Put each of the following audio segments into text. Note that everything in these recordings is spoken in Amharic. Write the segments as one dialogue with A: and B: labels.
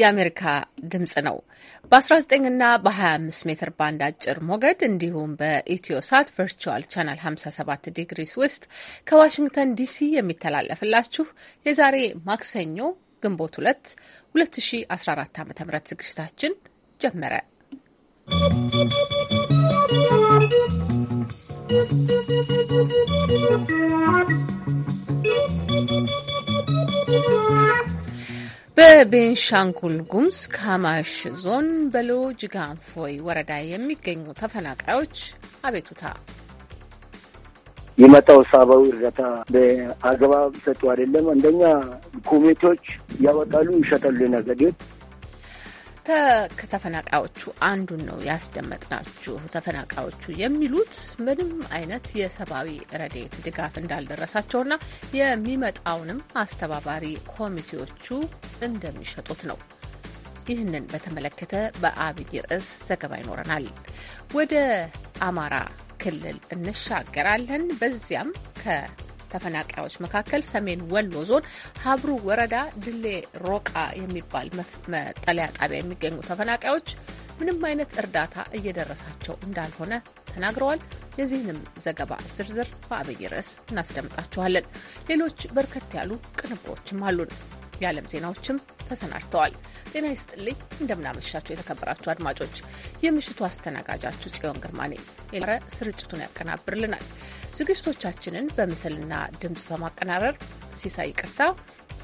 A: የአሜሪካ ድምጽ ነው። 19 እና በ25 ሜትር ባንድ አጭር ሞገድ እንዲሁም ሳት ቨርቹዋል ቻናል 57 ዲግሪስ ውስጥ ከዋሽንግተን ዲሲ የሚተላለፍላችሁ የዛሬ ማክሰኞ ግንቦት 2 2014 ዓ ም ዝግጅታችን ጀመረ። ¶¶ በቤንሻንጉል ጉሙዝ ካማሽ ዞን በሎ ጅጋንፎይ ወረዳ የሚገኙ ተፈናቃዮች አቤቱታ
B: የመጣው ሰብአዊ እርዳታ በአግባብ ይሰጡ አይደለም። አንደኛ
C: ኮሚቴዎች ያወጣሉ፣ ይሸጣሉ ነጋዴዎች
A: ከተፈናቃዮቹ አንዱን ነው ያስደመጥናችሁ። ተፈናቃዮቹ የሚሉት ምንም አይነት የሰብአዊ ረድኤት ድጋፍ እንዳልደረሳቸውና የሚመጣውንም አስተባባሪ ኮሚቴዎቹ እንደሚሸጡት ነው። ይህንን በተመለከተ በአብይ ርዕስ ዘገባ ይኖረናል። ወደ አማራ ክልል እንሻገራለን። በዚያም ከ ተፈናቃዮች መካከል ሰሜን ወሎ ዞን ሀብሩ ወረዳ ድሌ ሮቃ የሚባል መጠለያ ጣቢያ የሚገኙ ተፈናቃዮች ምንም አይነት እርዳታ እየደረሳቸው እንዳልሆነ ተናግረዋል። የዚህንም ዘገባ ዝርዝር በአብይ ርዕስ እናስደምጣችኋለን። ሌሎች በርከት ያሉ ቅንብሮችም አሉን። የዓለም ዜናዎችም ተሰናድተዋል። ጤና ይስጥልኝ። እንደምናመሻችሁ የተከበራችሁ አድማጮች፣ የምሽቱ አስተናጋጃችሁ ጽዮን ግርማ ነኝ። የረ ስርጭቱን ያቀናብርልናል። ዝግጅቶቻችንን በምስልና ድምፅ በማቀናረር ሲሳይ ቅርታ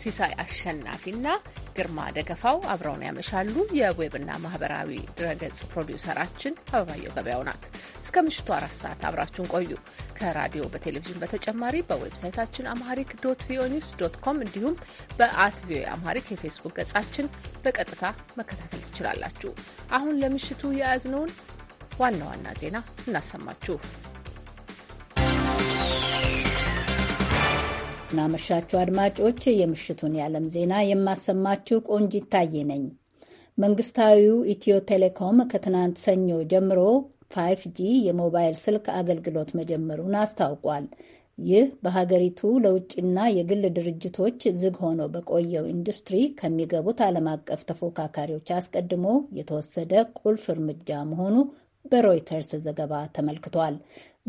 A: ሲሳይ አሸናፊና ግርማ ደገፋው አብረውን ያመሻሉ። የዌብና ማህበራዊ ድረገጽ ፕሮዲውሰራችን አበባየው ገበያው ናት። እስከ ምሽቱ አራት ሰዓት አብራችሁን ቆዩ። ከራዲዮ በቴሌቪዥን በተጨማሪ በዌብሳይታችን አምሃሪክ ዶት ቪኦኤ ኒውስ ዶት ኮም እንዲሁም በአት ቪኦኤ አምሃሪክ የፌስቡክ ገጻችን በቀጥታ መከታተል ትችላላችሁ። አሁን ለምሽቱ የያዝነውን ዋና ዋና ዜና እናሰማችሁ።
D: እንደምናመሻችሁ አድማጮች፣ የምሽቱን የዓለም ዜና የማሰማችሁ ቆንጅ ይታየ ነኝ። መንግስታዊው ኢትዮ ቴሌኮም ከትናንት ሰኞ ጀምሮ 5ጂ የሞባይል ስልክ አገልግሎት መጀመሩን አስታውቋል። ይህ በሀገሪቱ ለውጭና የግል ድርጅቶች ዝግ ሆኖ በቆየው ኢንዱስትሪ ከሚገቡት ዓለም አቀፍ ተፎካካሪዎች አስቀድሞ የተወሰደ ቁልፍ እርምጃ መሆኑ በሮይተርስ ዘገባ ተመልክቷል።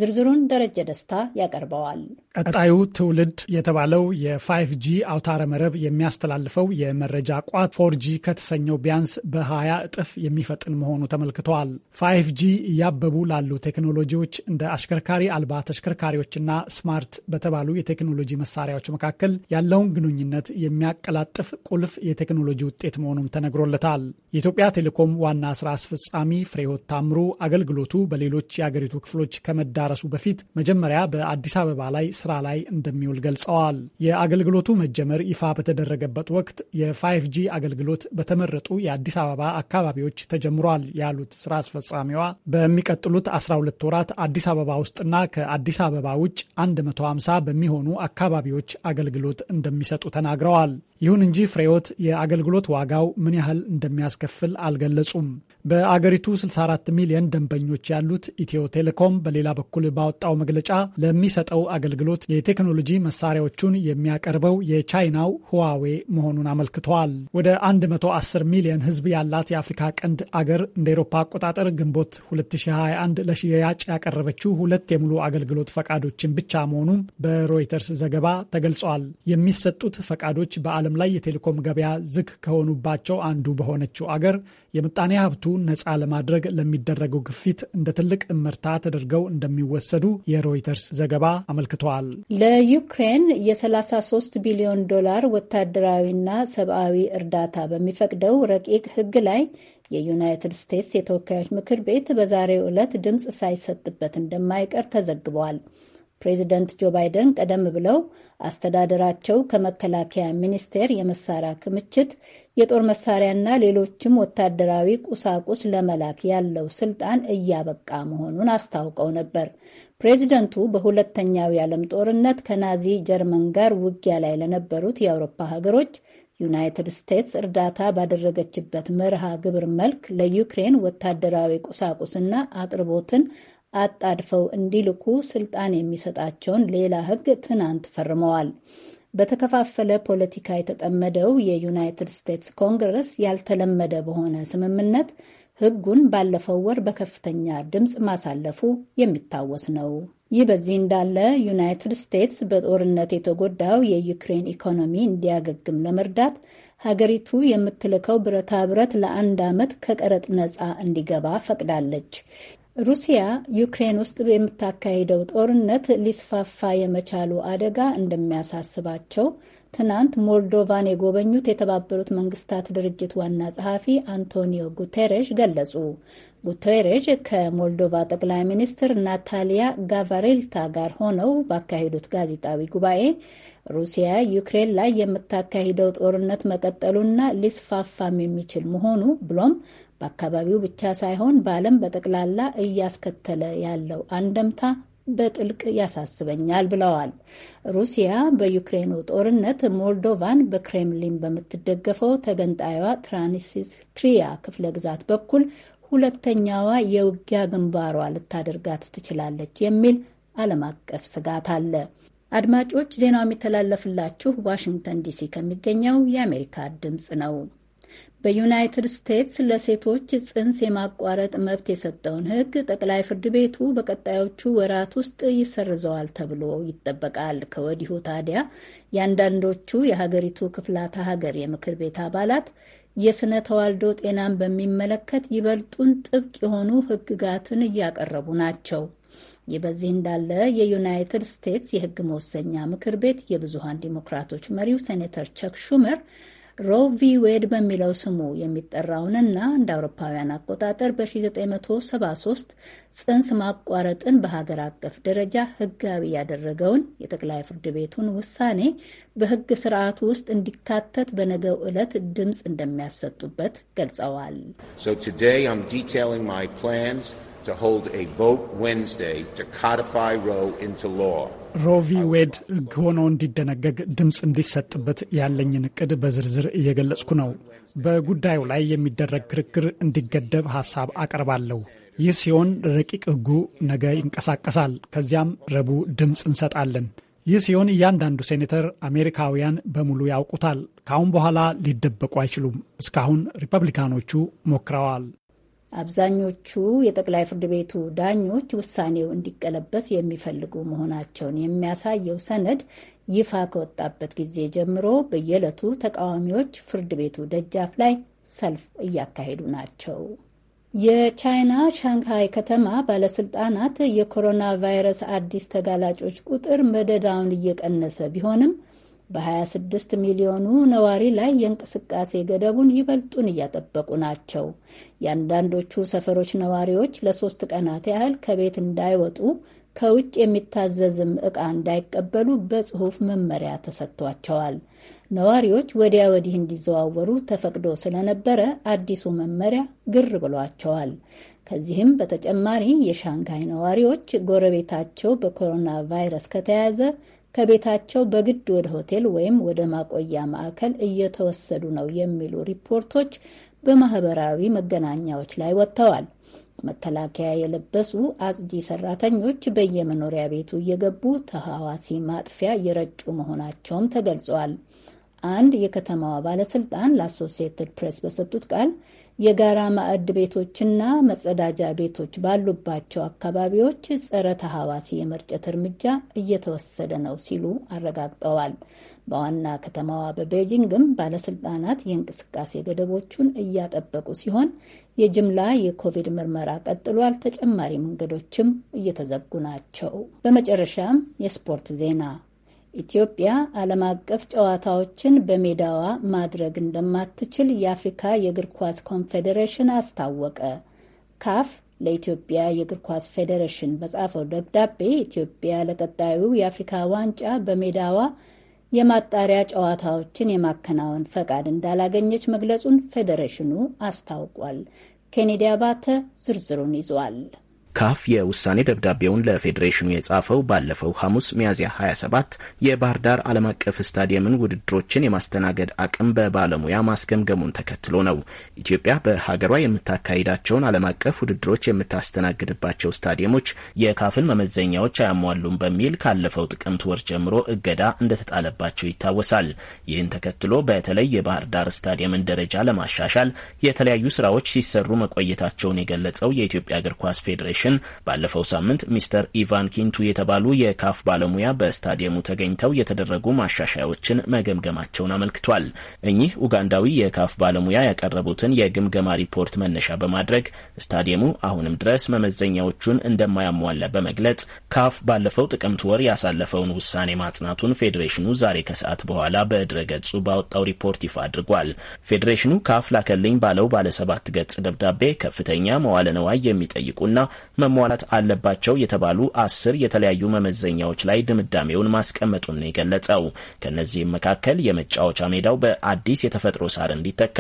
D: ዝርዝሩን ደረጀ ደስታ ያቀርበዋል።
E: ቀጣዩ ትውልድ የተባለው የፋይቭጂ ጂ አውታረ መረብ የሚያስተላልፈው የመረጃ ቋት ፎርጂ ከተሰኘው ቢያንስ በ20 እጥፍ የሚፈጥን መሆኑ ተመልክተዋል። ፋይቭ ጂ እያበቡ ላሉ ቴክኖሎጂዎች እንደ አሽከርካሪ አልባ ተሽከርካሪዎችና ስማርት በተባሉ የቴክኖሎጂ መሳሪያዎች መካከል ያለውን ግንኙነት የሚያቀላጥፍ ቁልፍ የቴክኖሎጂ ውጤት መሆኑም ተነግሮለታል። የኢትዮጵያ ቴሌኮም ዋና ስራ አስፈጻሚ ፍሬህይወት ታምሩ አገልግሎቱ በሌሎች የአገሪቱ ክፍሎች ከመዳ ከመዳረሱ በፊት መጀመሪያ በአዲስ አበባ ላይ ስራ ላይ እንደሚውል ገልጸዋል። የአገልግሎቱ መጀመር ይፋ በተደረገበት ወቅት የፋይቭ ጂ አገልግሎት በተመረጡ የአዲስ አበባ አካባቢዎች ተጀምሯል ያሉት ስራ አስፈጻሚዋ በሚቀጥሉት 12 ወራት አዲስ አበባ ውስጥና ከአዲስ አበባ ውጭ 150 በሚሆኑ አካባቢዎች አገልግሎት እንደሚሰጡ ተናግረዋል። ይሁን እንጂ ፍሬዎት የአገልግሎት ዋጋው ምን ያህል እንደሚያስከፍል አልገለጹም። በአገሪቱ 64 ሚሊዮን ደንበኞች ያሉት ኢትዮ ቴሌኮም በሌላ በኩል ባወጣው መግለጫ ለሚሰጠው አገልግሎት የቴክኖሎጂ መሳሪያዎቹን የሚያቀርበው የቻይናው ሁዋዌ መሆኑን አመልክተዋል። ወደ 110 ሚሊዮን ህዝብ ያላት የአፍሪካ ቀንድ አገር እንደ ኤሮፓ አቆጣጠር ግንቦት 2021 ለሽያጭ ያቀረበችው ሁለት የሙሉ አገልግሎት ፈቃዶችን ብቻ መሆኑን በሮይተርስ ዘገባ ተገልጿል። የሚሰጡት ፈቃዶች በዓለም በዓለም ላይ የቴሌኮም ገበያ ዝግ ከሆኑባቸው አንዱ በሆነችው አገር የምጣኔ ሀብቱ ነፃ ለማድረግ ለሚደረገው ግፊት እንደ ትልቅ እመርታ ተደርገው እንደሚወሰዱ የሮይተርስ ዘገባ አመልክተዋል።
D: ለዩክሬን የ33 ቢሊዮን ዶላር ወታደራዊና ሰብአዊ እርዳታ በሚፈቅደው ረቂቅ ሕግ ላይ የዩናይትድ ስቴትስ የተወካዮች ምክር ቤት በዛሬው ዕለት ድምፅ ሳይሰጥበት እንደማይቀር ተዘግቧል። ፕሬዚደንት ጆ ባይደን ቀደም ብለው አስተዳደራቸው ከመከላከያ ሚኒስቴር የመሳሪያ ክምችት፣ የጦር መሳሪያና ሌሎችም ወታደራዊ ቁሳቁስ ለመላክ ያለው ስልጣን እያበቃ መሆኑን አስታውቀው ነበር። ፕሬዚደንቱ በሁለተኛው የዓለም ጦርነት ከናዚ ጀርመን ጋር ውጊያ ላይ ለነበሩት የአውሮፓ ሀገሮች ዩናይትድ ስቴትስ እርዳታ ባደረገችበት መርሃ ግብር መልክ ለዩክሬን ወታደራዊ ቁሳቁስና አቅርቦትን አጣድፈው እንዲልኩ ስልጣን የሚሰጣቸውን ሌላ ህግ ትናንት ፈርመዋል። በተከፋፈለ ፖለቲካ የተጠመደው የዩናይትድ ስቴትስ ኮንግረስ ያልተለመደ በሆነ ስምምነት ህጉን ባለፈው ወር በከፍተኛ ድምፅ ማሳለፉ የሚታወስ ነው። ይህ በዚህ እንዳለ ዩናይትድ ስቴትስ በጦርነት የተጎዳው የዩክሬን ኢኮኖሚ እንዲያገግም ለመርዳት ሀገሪቱ የምትልከው ብረታ ብረት ለአንድ ዓመት ከቀረጥ ነፃ እንዲገባ ፈቅዳለች። ሩሲያ ዩክሬን ውስጥ የምታካሂደው ጦርነት ሊስፋፋ የመቻሉ አደጋ እንደሚያሳስባቸው ትናንት ሞልዶቫን የጎበኙት የተባበሩት መንግስታት ድርጅት ዋና ጸሐፊ አንቶኒዮ ጉቴሬሽ ገለጹ። ጉቴሬሽ ከሞልዶቫ ጠቅላይ ሚኒስትር ናታሊያ ጋቫሪልታ ጋር ሆነው ባካሄዱት ጋዜጣዊ ጉባኤ ሩሲያ ዩክሬን ላይ የምታካሂደው ጦርነት መቀጠሉና ሊስፋፋም የሚችል መሆኑ ብሎም በአካባቢው ብቻ ሳይሆን በዓለም በጠቅላላ እያስከተለ ያለው አንደምታ በጥልቅ ያሳስበኛል ብለዋል። ሩሲያ በዩክሬኑ ጦርነት ሞልዶቫን በክሬምሊን በምትደገፈው ተገንጣዩዋ ትራንስትሪያ ክፍለ ግዛት በኩል ሁለተኛዋ የውጊያ ግንባሯ ልታደርጋት ትችላለች የሚል ዓለም አቀፍ ስጋት አለ። አድማጮች ዜናው የሚተላለፍላችሁ ዋሽንግተን ዲሲ ከሚገኘው የአሜሪካ ድምፅ ነው። በዩናይትድ ስቴትስ ለሴቶች ጽንስ የማቋረጥ መብት የሰጠውን ሕግ ጠቅላይ ፍርድ ቤቱ በቀጣዮቹ ወራት ውስጥ ይሰርዘዋል ተብሎ ይጠበቃል። ከወዲሁ ታዲያ የአንዳንዶቹ የሀገሪቱ ክፍላተ ሀገር የምክር ቤት አባላት የስነ ተዋልዶ ጤናን በሚመለከት ይበልጡን ጥብቅ የሆኑ ሕግጋትን እያቀረቡ ናቸው። ይህ በዚህ እንዳለ የዩናይትድ ስቴትስ የሕግ መወሰኛ ምክር ቤት የብዙሀን ዲሞክራቶች መሪው ሴኔተር ቸክ ሹመር ሮቪ ዌድ በሚለው ስሙ የሚጠራውንና እንደ አውሮፓውያን አቆጣጠር በ1973 ጽንስ ማቋረጥን በሀገር አቀፍ ደረጃ ሕጋዊ ያደረገውን የጠቅላይ ፍርድ ቤቱን ውሳኔ በሕግ ስርዓቱ ውስጥ እንዲካተት በነገው ዕለት ድምፅ እንደሚያሰጡበት ገልጸዋል።
F: ፕላንስ ሆልድ ቮት ዌንስዴይ ቶ ኮዲፋይ ሮ ኢንቶ
G: ሎው
E: ሮቪ ዌድ ሕግ ሆኖ እንዲደነገግ ድምፅ እንዲሰጥበት ያለኝን እቅድ በዝርዝር እየገለጽኩ ነው። በጉዳዩ ላይ የሚደረግ ክርክር እንዲገደብ ሀሳብ አቀርባለሁ። ይህ ሲሆን ረቂቅ ሕጉ ነገ ይንቀሳቀሳል። ከዚያም ረቡዕ ድምፅ እንሰጣለን። ይህ ሲሆን እያንዳንዱ ሴኔተር አሜሪካውያን በሙሉ ያውቁታል። ከአሁን በኋላ ሊደበቁ አይችሉም። እስካሁን ሪፐብሊካኖቹ ሞክረዋል።
D: አብዛኞቹ የጠቅላይ ፍርድ ቤቱ ዳኞች ውሳኔው እንዲቀለበስ የሚፈልጉ መሆናቸውን የሚያሳየው ሰነድ ይፋ ከወጣበት ጊዜ ጀምሮ በየዕለቱ ተቃዋሚዎች ፍርድ ቤቱ ደጃፍ ላይ ሰልፍ እያካሄዱ ናቸው። የቻይና ሻንግሃይ ከተማ ባለስልጣናት የኮሮና ቫይረስ አዲስ ተጋላጮች ቁጥር መደዳውን እየቀነሰ ቢሆንም በ26 ሚሊዮኑ ነዋሪ ላይ የእንቅስቃሴ ገደቡን ይበልጡን እያጠበቁ ናቸው። የአንዳንዶቹ ሰፈሮች ነዋሪዎች ለሶስት ቀናት ያህል ከቤት እንዳይወጡ ከውጭ የሚታዘዝም ዕቃ እንዳይቀበሉ በጽሑፍ መመሪያ ተሰጥቷቸዋል። ነዋሪዎች ወዲያ ወዲህ እንዲዘዋወሩ ተፈቅዶ ስለነበረ አዲሱ መመሪያ ግር ብሏቸዋል። ከዚህም በተጨማሪ የሻንጋይ ነዋሪዎች ጎረቤታቸው በኮሮና ቫይረስ ከተያዘ ከቤታቸው በግድ ወደ ሆቴል ወይም ወደ ማቆያ ማዕከል እየተወሰዱ ነው የሚሉ ሪፖርቶች በማህበራዊ መገናኛዎች ላይ ወጥተዋል። መከላከያ የለበሱ አጽጂ ሰራተኞች በየመኖሪያ ቤቱ እየገቡ ተሐዋሲ ማጥፊያ እየረጩ መሆናቸውም ተገልጿል። አንድ የከተማዋ ባለስልጣን ለአሶሲየትድ ፕሬስ በሰጡት ቃል የጋራ ማዕድ ቤቶችና መጸዳጃ ቤቶች ባሉባቸው አካባቢዎች ጸረ ተሐዋሲ የመርጨት እርምጃ እየተወሰደ ነው ሲሉ አረጋግጠዋል። በዋና ከተማዋ በቤጂንግም ባለስልጣናት የእንቅስቃሴ ገደቦቹን እያጠበቁ ሲሆን የጅምላ የኮቪድ ምርመራ ቀጥሏል። ተጨማሪ መንገዶችም እየተዘጉ ናቸው። በመጨረሻም የስፖርት ዜና ኢትዮጵያ ዓለም አቀፍ ጨዋታዎችን በሜዳዋ ማድረግ እንደማትችል የአፍሪካ የእግር ኳስ ኮንፌዴሬሽን አስታወቀ። ካፍ ለኢትዮጵያ የእግር ኳስ ፌዴሬሽን በጻፈው ደብዳቤ ኢትዮጵያ ለቀጣዩ የአፍሪካ ዋንጫ በሜዳዋ የማጣሪያ ጨዋታዎችን የማከናወን ፈቃድ እንዳላገኘች መግለጹን ፌዴሬሽኑ አስታውቋል። ኬኔዲ አባተ ዝርዝሩን ይዟል።
H: ካፍ የውሳኔ ደብዳቤውን ለፌዴሬሽኑ የጻፈው ባለፈው ሐሙስ ሚያዝያ 27 የባህር ዳር ዓለም አቀፍ ስታዲየምን ውድድሮችን የማስተናገድ አቅም በባለሙያ ማስገምገሙን ተከትሎ ነው። ኢትዮጵያ በሀገሯ የምታካሂዳቸውን ዓለም አቀፍ ውድድሮች የምታስተናግድባቸው ስታዲየሞች የካፍን መመዘኛዎች አያሟሉም በሚል ካለፈው ጥቅምት ወር ጀምሮ እገዳ እንደተጣለባቸው ይታወሳል። ይህን ተከትሎ በተለይ የባህር ዳር ስታዲየምን ደረጃ ለማሻሻል የተለያዩ ስራዎች ሲሰሩ መቆየታቸውን የገለጸው የኢትዮጵያ እግር ኳስ ፌዴሬሽን ኮሚሽን ባለፈው ሳምንት ሚስተር ኢቫን ኪንቱ የተባሉ የካፍ ባለሙያ በስታዲየሙ ተገኝተው የተደረጉ ማሻሻያዎችን መገምገማቸውን አመልክቷል። እኚህ ኡጋንዳዊ የካፍ ባለሙያ ያቀረቡትን የግምገማ ሪፖርት መነሻ በማድረግ ስታዲየሙ አሁንም ድረስ መመዘኛዎቹን እንደማያሟላ በመግለጽ ካፍ ባለፈው ጥቅምት ወር ያሳለፈውን ውሳኔ ማጽናቱን ፌዴሬሽኑ ዛሬ ከሰዓት በኋላ በድረገጹ ገጹ ባወጣው ሪፖርት ይፋ አድርጓል። ፌዴሬሽኑ ካፍ ላከልኝ ባለው ባለሰባት ገጽ ደብዳቤ ከፍተኛ መዋለ ነዋይ የሚጠይቁና መሟላት አለባቸው የተባሉ አስር የተለያዩ መመዘኛዎች ላይ ድምዳሜውን ማስቀመጡን ነው የገለጸው። ከእነዚህም መካከል የመጫወቻ ሜዳው በአዲስ የተፈጥሮ ሳር እንዲተካ፣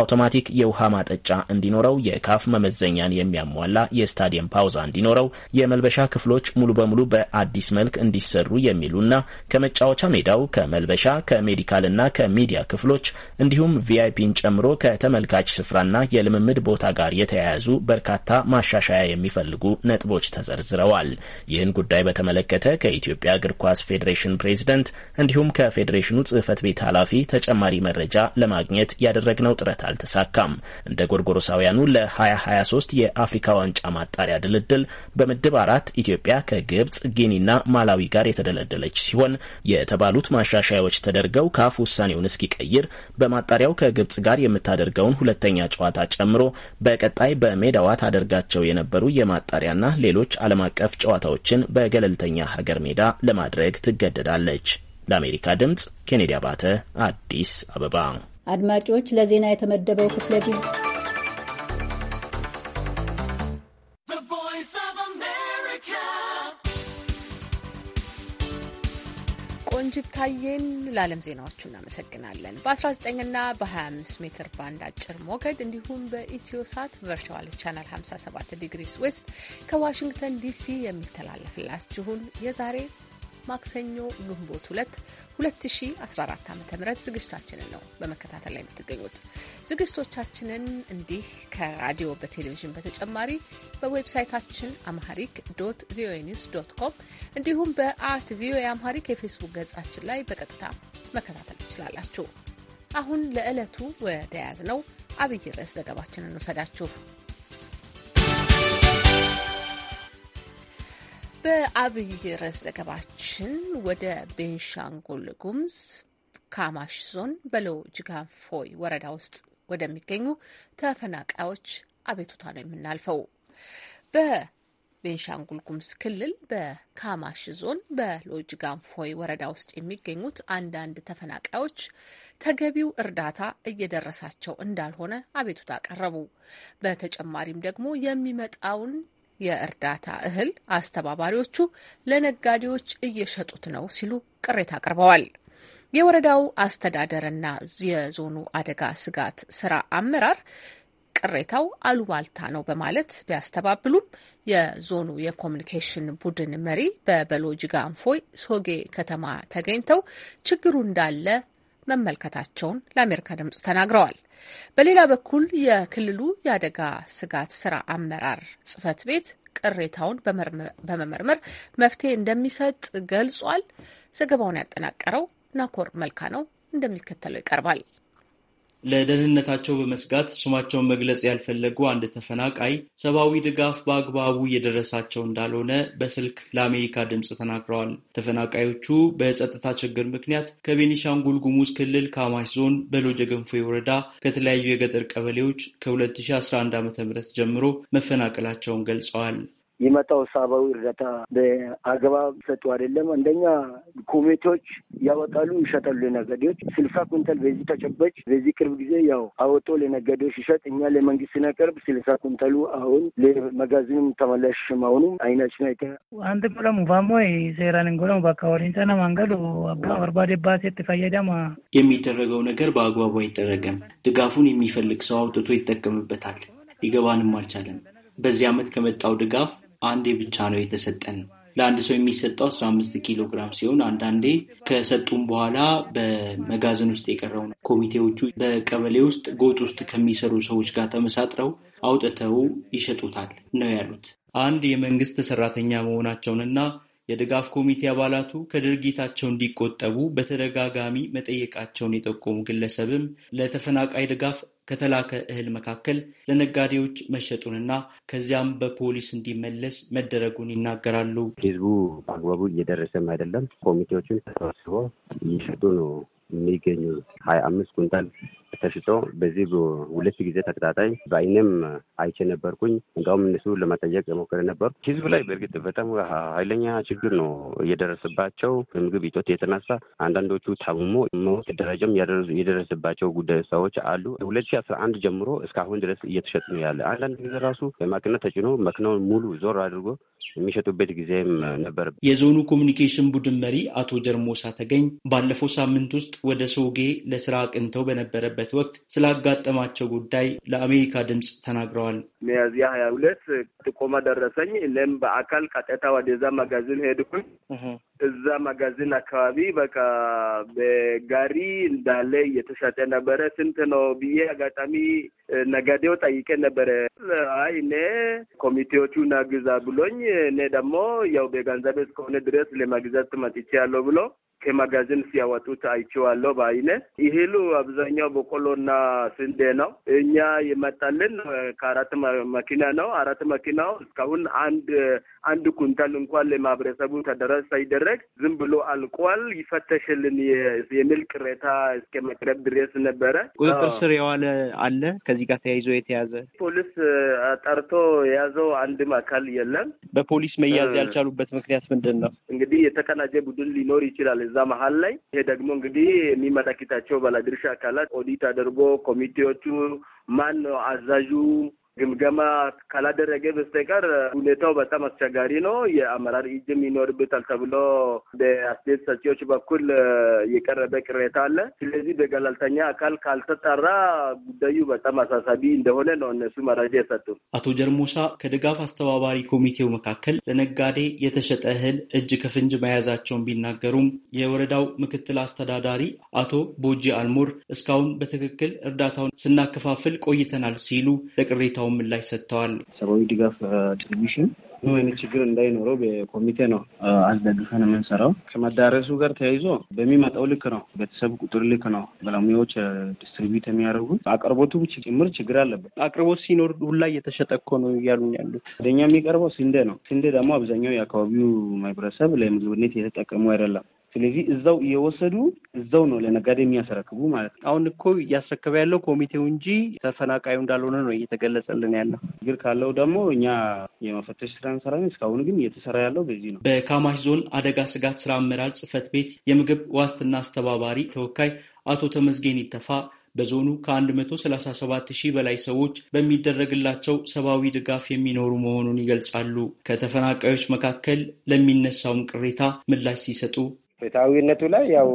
H: አውቶማቲክ የውሃ ማጠጫ እንዲኖረው፣ የካፍ መመዘኛን የሚያሟላ የስታዲየም ፓውዛ እንዲኖረው፣ የመልበሻ ክፍሎች ሙሉ በሙሉ በአዲስ መልክ እንዲሰሩ የሚሉና ከመጫወቻ ሜዳው ከመልበሻ ከሜዲካልና ከሚዲያ ክፍሎች እንዲሁም ቪአይፒን ጨምሮ ከተመልካች ስፍራና የልምምድ ቦታ ጋር የተያያዙ በርካታ ማሻሻያ የሚፈልጉ የሚያስፈልጉ ነጥቦች ተዘርዝረዋል። ይህን ጉዳይ በተመለከተ ከኢትዮጵያ እግር ኳስ ፌዴሬሽን ፕሬዝደንት እንዲሁም ከፌዴሬሽኑ ጽህፈት ቤት ኃላፊ ተጨማሪ መረጃ ለማግኘት ያደረግነው ጥረት አልተሳካም። እንደ ጎርጎሮሳውያኑ ለ2023 የአፍሪካ ዋንጫ ማጣሪያ ድልድል በምድብ አራት ኢትዮጵያ ከግብጽ፣ ጊኒና ማላዊ ጋር የተደለደለች ሲሆን የተባሉት ማሻሻያዎች ተደርገው ካፍ ውሳኔውን እስኪቀይር በማጣሪያው ከግብጽ ጋር የምታደርገውን ሁለተኛ ጨዋታ ጨምሮ በቀጣይ በሜዳዋ ታደርጋቸው የነበሩ የማ ማጣሪያና ሌሎች ዓለም አቀፍ ጨዋታዎችን በገለልተኛ ሀገር ሜዳ ለማድረግ ትገደዳለች። ለአሜሪካ ድምፅ ኬኔዲ አባተ አዲስ አበባ።
D: አድማጮች ለዜና የተመደበው ክፍለ ጊዜ
A: ቆንጂት ለዓለም ዜናዎቹ እናመሰግናለን። በ19ና በ25 ሜትር ባንድ አጭር ሞገድ እንዲሁም በኢትዮ ሳት ቨርቹዋል ቻናል 57 ዲግሪስ ዌስት ከዋሽንግተን ዲሲ የሚተላለፍላችሁን የዛሬ ማክሰኞ ግንቦት 2 2014 ዓ ም ዝግጅታችንን ነው በመከታተል ላይ የምትገኙት። ዝግጅቶቻችንን እንዲህ ከራዲዮ በቴሌቪዥን በተጨማሪ በዌብሳይታችን አምሃሪክ ዶት ቪኦኤ ኒውስ ዶት ኮም እንዲሁም በአት ቪኦኤ አምሃሪክ የፌስቡክ ገጻችን ላይ በቀጥታ መከታተል ትችላላችሁ። አሁን ለዕለቱ ወደ ያዝ ነው አብይ ርዕስ ዘገባችንን እንውሰዳችሁ። በአብይ ርዕስ ዘገባችን ወደ ቤንሻንጉል ጉሙዝ ካማሽ ዞን በሎ ጅጋንፎይ ወረዳ ውስጥ ወደሚገኙ ተፈናቃዮች አቤቱታ ነው የምናልፈው። በቤንሻንጉል ጉሙዝ ክልል በካማሽ ዞን በሎጅ ጋንፎይ ወረዳ ውስጥ የሚገኙት አንዳንድ ተፈናቃዮች ተገቢው እርዳታ እየደረሳቸው እንዳልሆነ አቤቱታ አቀረቡ። በተጨማሪም ደግሞ የሚመጣውን የእርዳታ እህል አስተባባሪዎቹ ለነጋዴዎች እየሸጡት ነው ሲሉ ቅሬታ አቅርበዋል። የወረዳው አስተዳደርና የዞኑ አደጋ ስጋት ስራ አመራር ቅሬታው አሉባልታ ነው በማለት ቢያስተባብሉም የዞኑ የኮሚኒኬሽን ቡድን መሪ በበሎ ጋንፎይ ሶጌ ከተማ ተገኝተው ችግሩ እንዳለ መመልከታቸውን ለአሜሪካ ድምጽ ተናግረዋል። በሌላ በኩል የክልሉ የአደጋ ስጋት ስራ አመራር ጽህፈት ቤት ቅሬታውን በመመርመር መፍትሄ እንደሚሰጥ ገልጿል። ዘገባውን ያጠናቀረው ናኮር መልካ ነው፣ እንደሚከተለው ይቀርባል።
I: ለደህንነታቸው በመስጋት ስማቸውን መግለጽ ያልፈለጉ አንድ ተፈናቃይ ሰብአዊ ድጋፍ በአግባቡ እየደረሳቸው እንዳልሆነ በስልክ ለአሜሪካ ድምፅ ተናግረዋል። ተፈናቃዮቹ በጸጥታ ችግር ምክንያት ከቤኒሻንጉል ጉሙዝ ክልል ካማሽ ዞን በሎጀ ገንፎ ወረዳ ከተለያዩ የገጠር ቀበሌዎች ከ2011 ዓ ም ጀምሮ መፈናቀላቸውን ገልጸዋል።
C: የመጣው ሰብአዊ እርዳታ በአግባብ ሰጡ አይደለም። አንደኛ ኮሚቴዎች ያወጣሉ ይሸጣሉ። ለነጋዴዎች ስልሳ ኩንታል በዚህ ተጨበጭ በዚህ ቅርብ ጊዜ ያው አወጦ ለነጋዴዎች ይሸጥ እኛ ለመንግስት ስናቀርብ ስልሳ ኩንታሉ አሁን ለመጋዘንም ተመላሽ መሆኑ አይናችን አይተ
J: አንድ ቆለም ባሞ ሴራን ጎለሙ በአካባቢንተነ ማንገዱ አባርባዴ ባሴ ትፈየደማ
I: የሚደረገው ነገር በአግባቡ አይደረገም። ድጋፉን የሚፈልግ ሰው አውጥቶ ይጠቀምበታል። ይገባንም አልቻለም። በዚህ ዓመት ከመጣው ድጋፍ አንዴ ብቻ ነው የተሰጠን። ለአንድ ሰው የሚሰጠው 15 ኪሎ ግራም ሲሆን አንዳንዴ ከሰጡን በኋላ በመጋዘን ውስጥ የቀረው ኮሚቴዎቹ በቀበሌ ውስጥ ጎጥ ውስጥ ከሚሰሩ ሰዎች ጋር ተመሳጥረው አውጥተው ይሸጡታል ነው ያሉት። አንድ የመንግስት ሰራተኛ መሆናቸውንና የድጋፍ ኮሚቴ አባላቱ ከድርጊታቸው እንዲቆጠቡ በተደጋጋሚ መጠየቃቸውን የጠቆሙ ግለሰብም ለተፈናቃይ ድጋፍ ከተላከ እህል መካከል ለነጋዴዎች መሸጡንና ከዚያም በፖሊስ እንዲመለስ መደረጉን ይናገራሉ።
K: ህዝቡ በአግባቡ እየደረሰም
L: አይደለም። ኮሚቴዎችን ተሰብስቦ እየሸጡ ነው የሚገኙ ሀያ አምስት ኩንታል ተሽጦ በዚህ ሁለት ጊዜ ተከታታይ በአይንም አይቼ ነበርኩኝ። እንዲሁም እነሱ ለመጠየቅ የሞከረ ነበር። ህዝብ ላይ በእርግጥ በጣም ኃይለኛ ችግር ነው እየደረሰባቸው በምግብ እጦት የተነሳ አንዳንዶቹ ታምሞ ሞት ደረጃም የደረሰባቸው ጉዳይ ሰዎች አሉ። ሁለት ሺህ አስራ አንድ ጀምሮ እስካሁን ድረስ እየተሸጥ ነው ያለ። አንዳንድ ጊዜ ራሱ ማኪና ተጭኖ መኪናውን ሙሉ ዞር አድርጎ የሚሸጡበት ጊዜም ነበር።
I: የዞኑ ኮሚኒኬሽን ቡድን መሪ አቶ ጀርሞሳ ተገኝ ባለፈው ሳምንት ውስጥ ወደ ሶጌ ለስራ አቅንተው በነበረበት ወቅት ስላጋጠማቸው ጉዳይ ለአሜሪካ ድምፅ ተናግረዋል።
C: ሚያዝያ ሀያ ሁለት ጥቆማ ደረሰኝ። እኔም በአካል ቀጥታ ወደዛ መጋዘን ሄድኩኝ። እዛ መጋዘን አካባቢ በቃ በጋሪ እንዳለ እየተሸጠ ነበረ። ስንት ነው ብዬ አጋጣሚ ነጋዴው ጠይቄ ነበረ። አይ እኔ ኮሚቴዎቹ ናግዛ ብሎኝ እኔ ደግሞ ያው በገንዘብ እስከሆነ ድረስ ለመግዛት መጥቼ ያለው ብሎ ከማጋዘን ሲያወጡት አይቼዋለሁ። በአይነ ይህሉ አብዛኛው በቆሎና ስንዴ ነው። እኛ የመጣልን ከአራት መኪና ነው። አራት መኪናው እስካሁን አንድ አንድ ኩንታል እንኳን ለማህበረሰቡ ተደረስ ሳይደረግ ዝም ብሎ አልቋል። ይፈተሽልን የሚል ቅሬታ እስከ መቅረብ ድረስ ነበረ። ቁጥጥር ስር
I: የዋለ አለ? ከዚህ ጋር ተያይዞ የተያዘ
C: ፖሊስ ጠርቶ የያዘው አንድም አካል የለም።
I: በፖሊስ መያዝ ያልቻሉበት ምክንያት ምንድን ነው?
C: እንግዲህ የተቀናጀ ቡድን ሊኖር ይችላል በዛ መሀል ላይ ይሄ ደግሞ እንግዲህ የሚመለከታቸው ባለድርሻ አካላት ኦዲት አድርጎ ኮሚቴዎቹ ማን ነው አዛዡ ግምገማ ካላደረገ በስተቀር ሁኔታው በጣም አስቸጋሪ ነው። የአመራር እጅም ይኖርበታል ተብሎ በአስተያየት ሰጪዎች በኩል የቀረበ ቅሬታ አለ። ስለዚህ በገለልተኛ አካል ካልተጠራ ጉዳዩ በጣም አሳሳቢ እንደሆነ ነው እነሱ መረጃ የሰጡት።
I: አቶ ጀርሞሳ ከድጋፍ አስተባባሪ ኮሚቴው መካከል ለነጋዴ የተሸጠ እህል እጅ ከፍንጅ መያዛቸውን ቢናገሩም የወረዳው ምክትል አስተዳዳሪ አቶ ቦጂ አልሞር እስካሁን በትክክል እርዳታውን ስናከፋፍል ቆይተናል ሲሉ ለቅሬታው ሁኔታውን ምላሽ ሰጥተዋል።
B: ሰብአዊ ድጋፍ ዲስትሪቢሽን ምንም አይነት ችግር እንዳይኖረው በኮሚቴ ነው አስደግፈን የምንሰራው።
C: ከመዳረሱ ጋር ተያይዞ በሚመጣው ልክ ነው፣ ቤተሰብ ቁጥር ልክ ነው ባለሙያዎች ዲስትሪቢዩት የሚያደርጉት። አቅርቦቱ ጭምር ችግር አለበት።
B: አቅርቦት ሲኖር ሁላ እየተሸጠ እኮ ነው እያሉ
C: ያሉት። ወደኛ የሚቀርበው ስንዴ ነው። ስንዴ ደግሞ አብዛኛው የአካባቢው ማህበረሰብ ለምግብነት
I: የተጠቀሙ አይደለም። ስለዚህ እዛው እየወሰዱ እዛው ነው ለነጋዴ የሚያስረክቡ ማለት ነው። አሁን እኮ እያስረከበ ያለው ኮሚቴው እንጂ ተፈናቃዩ እንዳልሆነ ነው እየተገለጸልን ያለው። ችግር ካለው ደግሞ
M: እኛ የመፈተሽ ስራ እንሰራለን። እስካሁን ግን እየተሰራ ያለው በዚህ ነው።
I: በካማሽ ዞን አደጋ ስጋት ስራ አመራር ጽህፈት ቤት የምግብ ዋስትና አስተባባሪ ተወካይ አቶ ተመዝጌን ይተፋ በዞኑ ከ137 ሺህ በላይ ሰዎች በሚደረግላቸው ሰብአዊ ድጋፍ የሚኖሩ መሆኑን ይገልጻሉ። ከተፈናቃዮች መካከል ለሚነሳውም ቅሬታ ምላሽ ሲሰጡ
J: ፍትሐዊነቱ ላይ ያው